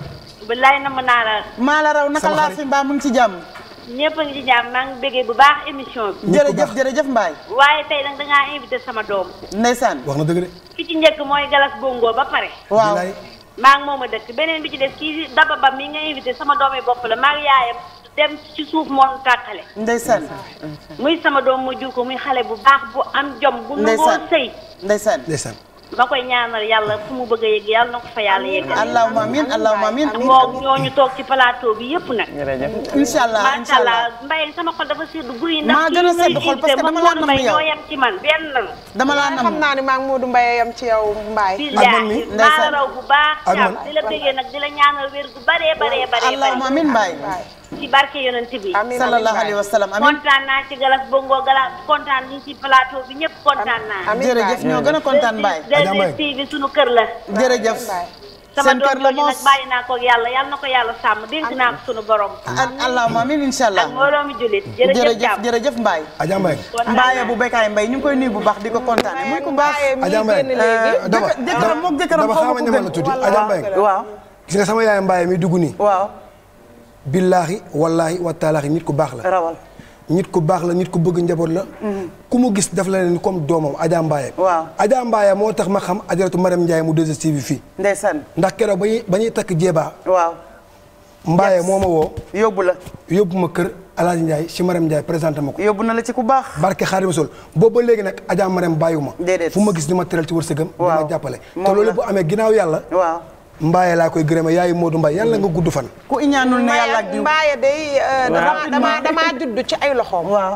bilaay na naa la. maa la raw naka laa fi mbaa mu ci jàmm. ñëpp a ngi ci jàmm béggee bu baax émission bi. jërëjëf jërëjëf Mbaye. waaye tey nag da sama doom. ndeysaan wax na dëgg de. ki ci njëkk mooy Galas Bongo ba pare. waaw maa ngi moom a dëkk beneen bi ci des kii Daba Ba mi nga invité sama doomi bopp la maa ngi yaayam dem ci suuf moo tàqale. ndeysaan. muy sama doom mu jur ko muy xale bu baax bu am jom. bu nangoo sëy ndeysaan ndeysaan. ma koy ñaanal yàlla fu mu bëgg a yegg yàlla na ko fa yàlla yegg. allahumma amiin allahumma amiin moo ñooñu toog ci plateau bi yëpp nag. incha allah macha allah Mbaye sama xol dafa sedd guy. maa gën a sedd xol parce que dama laa nam yow yam ci man benn la. dama laa nam xam naa ne maa ngi Modou Mbaye yam ci yow Mbaye. ak man mi ndeysaan bu baax. ak man la bëggee nag di la ñaanal wér gu baree baree baree. allahumma amiin Mbaye. ci barke yonent bi sallallahu alayhi wa naa ci galas kontaan ni ci plateau bi ñëpp kontaan naa jërëjëf ñoo gën a kontaan Mbaye bi suñu kër la jërëjëf sama doom jooju nag bàyyi naa yàlla yàlla na ko yàlla sàmm dénk naa ko sunu borom allahumma amiin insha allah ak mbooloo mi jullit jërëjëf jërëjëf Mbaye Adja Mbaye Mbaye bu Bekaay mbay ñu koy nuyu bu baax di ko kontaane muy ku baax Adja Mbaye eh, jëkkëram mook jëkkëram xaw ma ko gën waaw gis nga sama yaay Mbaye mi dugg nii waaw billaahi wallaahi wa taalaahi nit ku baax la. rawal nit ku baax la ñit ku bëgg njaboot la. Mhm. ku mu gis daf la leen comme doomam Adja mbaaye waaw Adja moo tax ma xam ajaratu Marème Ndiaye mu 2STV fii. ndeysaan ndax keroog ba ñuy ba ñuy takk jeebaa. waaw. Mbaye moo ma woo. yóbbu la yóbbu ma kër Alaaji Ndiaye si Marème Ndiaye présenté ma ko. yóbbu na la ci ku baax. barke Xaadimu Rasuul boobu ba léegi nag Adja Marème bàyyiwu ma. déedéet fu ma gis di ma tëral ci wërsëgam. waaw di ma jàppale. te loolu bu amee ginnaaw yàlla. mbaay laa koy gërëma yaayu Modou Mbaye yàlla nga gudd fan. ku iñaanul ne yàlla ak diw Mbaye day. Euh, damaa ci ay loxoom waaw.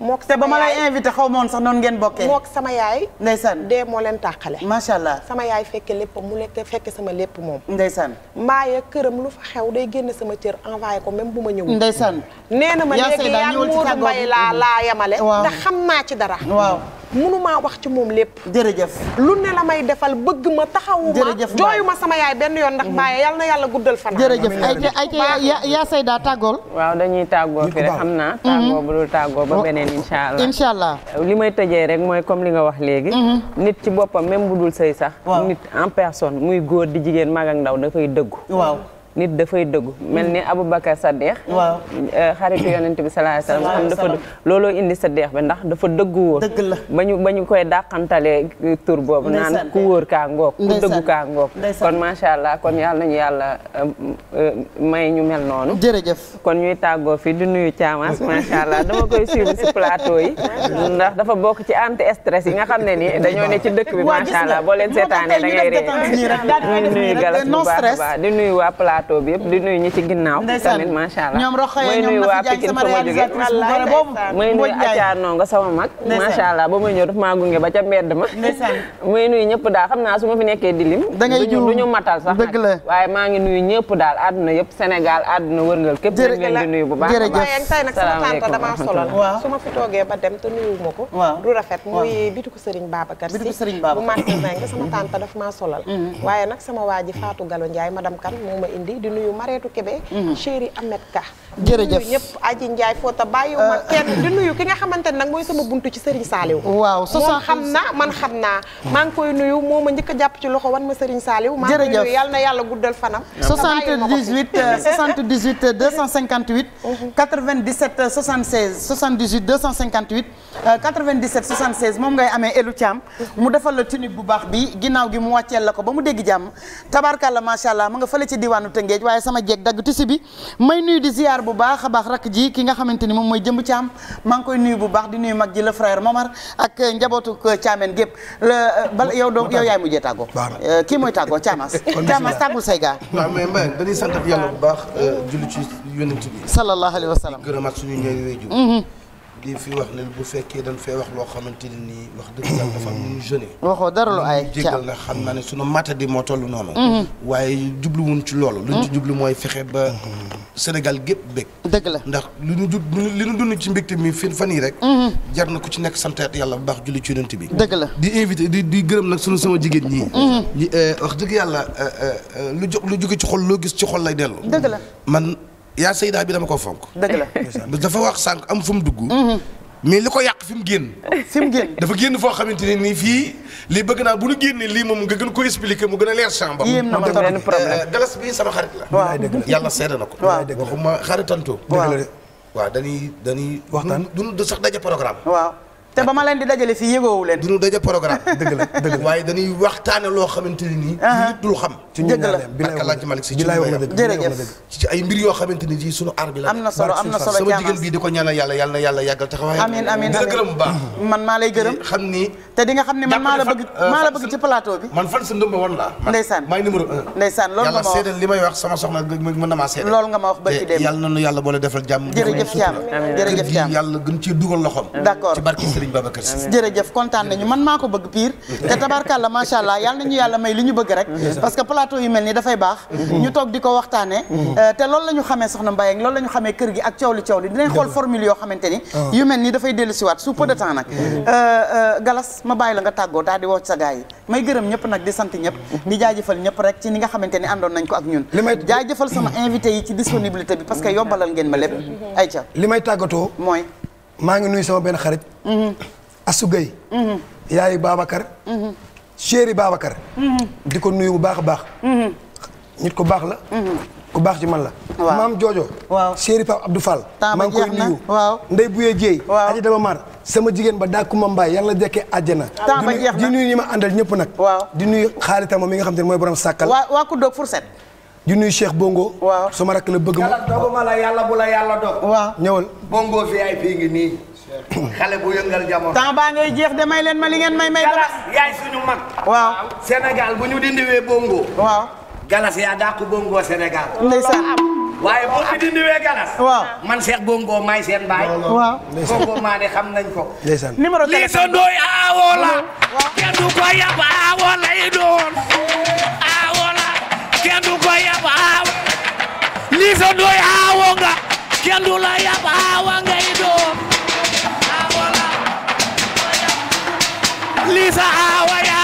moo sama ba ma lay invité xaw ma woon sax noonu ngeen bokkee. mook sama yaay. ndeysaan dee moo leen tàqale. macha allah sama yaay fekke lépp mu lekk fekke sama lépp moom. ndeysaan. maaya këram lu fa xew day génn sama cër envoyé ko même bu ma ñëwul. ndeysaan. nee na ma léegi yaa Mourou Mbaye laa laa yemale. waaw xam naa ci dara. waaw. mënumaa wax ci moom lépp. jërëjëf. lu la may defal bëgg ma taxawu ma jooyu ma sama yaay benn yoon ndax maaya mhm. yal na yàlla guddal fan. jërëjëf ay ay yaa Seyda tàggool. waaw dañuy tàggoo fi rek xam naa. tàggoo mhm. bu dul tàggoo ba beneen yeneen incha allah incha allah li may tëjee rek mooy comme li nga wax léegi mm-hmm. nit ci boppam même bu dul sëy sax nit en personne muy góor di jigéen mag ndaw dafay dëggu waaw nit dafay dëgg mel ni abu Aboubacar Saddeex waaw euh, xaritu yonent bi sallallahu alayhi sa xam dafa looloo indi Saddeex bi ndax dafa dëgg wóor la ba ñu ba ñu koy dàqantalee tur boobu naan ku wóor kaa ngoog ku dëgg kaa ngoog kon macha allah kon yàlla nañu yàlla euh, euh, may ñu mel noonu jërëjëf kon ñuy tàggoo fii di nuyu Thiamas macha allah dama koy suivre si plateau yi ndax dafa bokk ci ant stress yi nga xam ne ni dañoo ne ci dëkk bi macha allah boo leen seetaanee da ngay ree di nuyu galas bu baax di nuyu plateau bi yëpp di nuyu ñi ci ginnaaw. tamit allah ñoom nuyu Atia Ndongo sama mag. macha allah ba muy ñëw daf maa gunge ba ca mbedd ma. [laughs] muy nuyu ñëpp daal xam naa su ma fi nekkee di lim. da ngay juum du ñu matal sax waaye maa ngi nuyu ñëpp daal àdduna yëpp Sénégal àdduna wërngal képp. jërëjëf ñu ngi leen di nuyu bu baax a baax salaamaaleykum damaa solo la su ma fi toogee ba dem te nuyu ma ko. du rafet muy bitiku mm-hmm. waaye nag sama waa ji Fatou Galo Ndiaye madame kan moo ma indi bi di nuyu Mareetu Kebe mhm. chéri Ahmed Ka jërëjëf ñëpp aji Ndiaye Fota bàyyiwuma kenn euh. di nuyu ki nga xamante nag mooy sama buntu ci Serigne Saliou moom na man xam naa maa ngi koy nuyu moo ma njëkk a jàpp ci loxo wan ma Serigne Saliou maa ngi koy nuyu yàlla na yàlla guddal fanam 78 78 258 97 76 78 258 97 76 moom ngay amee Elou Thiam mu defal la tunique bu baax bi ginnaaw gi mu wàcceel la ko ba mu dégg jàmm tabarkalla macha allah mu nga fële ci diwaanu tëngeej waaye sama jeeg dagg tisi bi may nuyu di ziar bu baax a baax rakk ji ki nga xamante ni moom mooy jëmb caam maa koy nuyu bu baax di nuyu mag ji le frère Momar ak njabootu caameen gépp la euh, bala yow doo yow yaay mujjee tàggoo euh, kii mooy tàggoo caamas caamas tàggul say gaa waaw mais Mbaye dañuy sant yàlla bu baax euh, julli ci yonent bi sallallahu alayhi wa sallam gërëmaat di fi wax ne bu fekkee dañ fee wax loo xamante ne nii wax dëgg yàlla dafa am lu ñu jeune. waxoo dara lu ay na xam naa ne sunu moo toll noonu. Mhm. waaye jubluwuñ ci loolu. luñ mhm. jublu mooy fexe ba mhm. Sénégal gépp bég. dëgg la ndax lu ñu jub li ñu dund ci mbégte mi fi fan yii rek. jar na ku ci nekk sant yàlla bu baax ci yonent bi. dëgg la di invité di di gërëm nag sunu sama jigéen ñi. Euh, wax dëgg yàlla euh, euh, lu jo lu jóge ci xol loo gis ci xol lay dellu. dëgg la man. yaa sayda bi dama ko fonk. dëgg la [laughs] dafa wax sànq am fu mu dugg. Mhm. mais li ko yàq fi mu génn. [laughs] fi mu génn dafa génn foo xamante ne nii fii li bëgg naa bu ñu génnee lii moom nga gën ko expliquer mu gën a leer chambre. yéem na ma benn problème galas euh, bi sama xarit la. waaw dëgg la yàlla seede na ko. waaw waxuma xaritantoo. waaw dëgg la waaw dañuy dañuy. waxtaan du sax daje programme. waaw. te ba ma leen di dajale fii yëgoowu leen. du ñu daje programme. dëgg la dëgg la waaye dañuy waxtaane loo xamante ne nii. Ah. nit dul xam. dëgg la ak Alaaji Malick si ci ci ay mbir yoo xamante ne ji sunu aar bi la. am na solo am na solo sama jigéen bii di ko ñaanal yàlla yàlla na yàlla yàggal taxawaay. amiin amiin dina gërëm bu baax. man maa lay gërëm xam ni. te di nga xam ne man maa la bëgg euh, maa la bëgg ci plateau bi. man fan sa ndëmb woon laa. ndeysaan maay numéro un. ndeysaan loolu nga ma wax yàlla seedal li may wax sama soxna mën na maa seedal. loolu nga ma wax bëri dem yàlla na nu yàlla boole defal jàmm. jërëjëf jàmm jërëjëf jàmm yàlla gën ci dugal loxoom. d'accord ci barki Serigne Babacar Sy jërëjëf kontaan nañu man maa ko bëgg pire te tabarkàlla macha allah yal nañu yàlla may li ñu bëgg rek parce que plateau yu mel ni dafay baax mm-hmm. ñu toog di ko waxtaane mm-hmm. euh, te lool la ñu xamee soxna Mbaye loolu la ñu xamee kër gi ak coow li coow li dinañ xool formule yoo xamante ni ah. yu mel ni dafay dellu si sous peu de temps mm-hmm. euh, euh, Galas ma bàyyi la nga tàggoo daal di wooc sa gars may gërëm ñëpp nag di sant ñëpp di jaajëfal ñëpp rek ci ni nga xamante ni àndoon nañ ko ak ñun jaajëfal sama invité yi ci disponibilité bi parce que yombalal ngeen ma lépp ay ca li may tàggatoo mooy maa ngi nuyu sama benn xarit. Mm-hmm. Assou Gueye. Mm-hmm. yaayu Babacar. Mm-hmm. chéri Babacar. di ko nuyu bu baax a baax. nit ku baax la. ko baax ci man la. waaw maam Jojo. waaw chéri Pape Abdou Fall. maa ngi koy nuyu. waaw Ndeye Bouye Dieye. waaw Aji Daba Mar sama jigéen ba dàkkuma mbaay yàlla jekkee àjjana. di nuyu ñi ma àndal ñëpp nag. waaw di nuyu xaaritam mi nga xam ne mooy borom sàkkal. waa waa ku doog fourchette. di nuyu Cheikh Bongo. waaw sama rakk la bëgg ma. yàlla doguma la yàlla bu la yàlla dog. waaw ñëwal. Bongo VIP ngi nii. [coughs] xale bu yëngal jamono. temps baa ngay jeex de may leen ma li ngeen may may. galas yaay suñu mag. waaw Sénégal bu ñu dindiwee Bongo. waaw galas yaa dàqu Bongo Sénégal. ndeysaan waaye boo fi dindiwee galas. waaw man Cheikh Bongo may seen baay. waaw Bongo maa ne xam nañ ko. ndeysaan numéro téléphone lii sa la. waaw du ko yab aawoo lay doon. fa yab aaw lii sa kenn du la yab aawa ngay doo aawo la lii sa aawa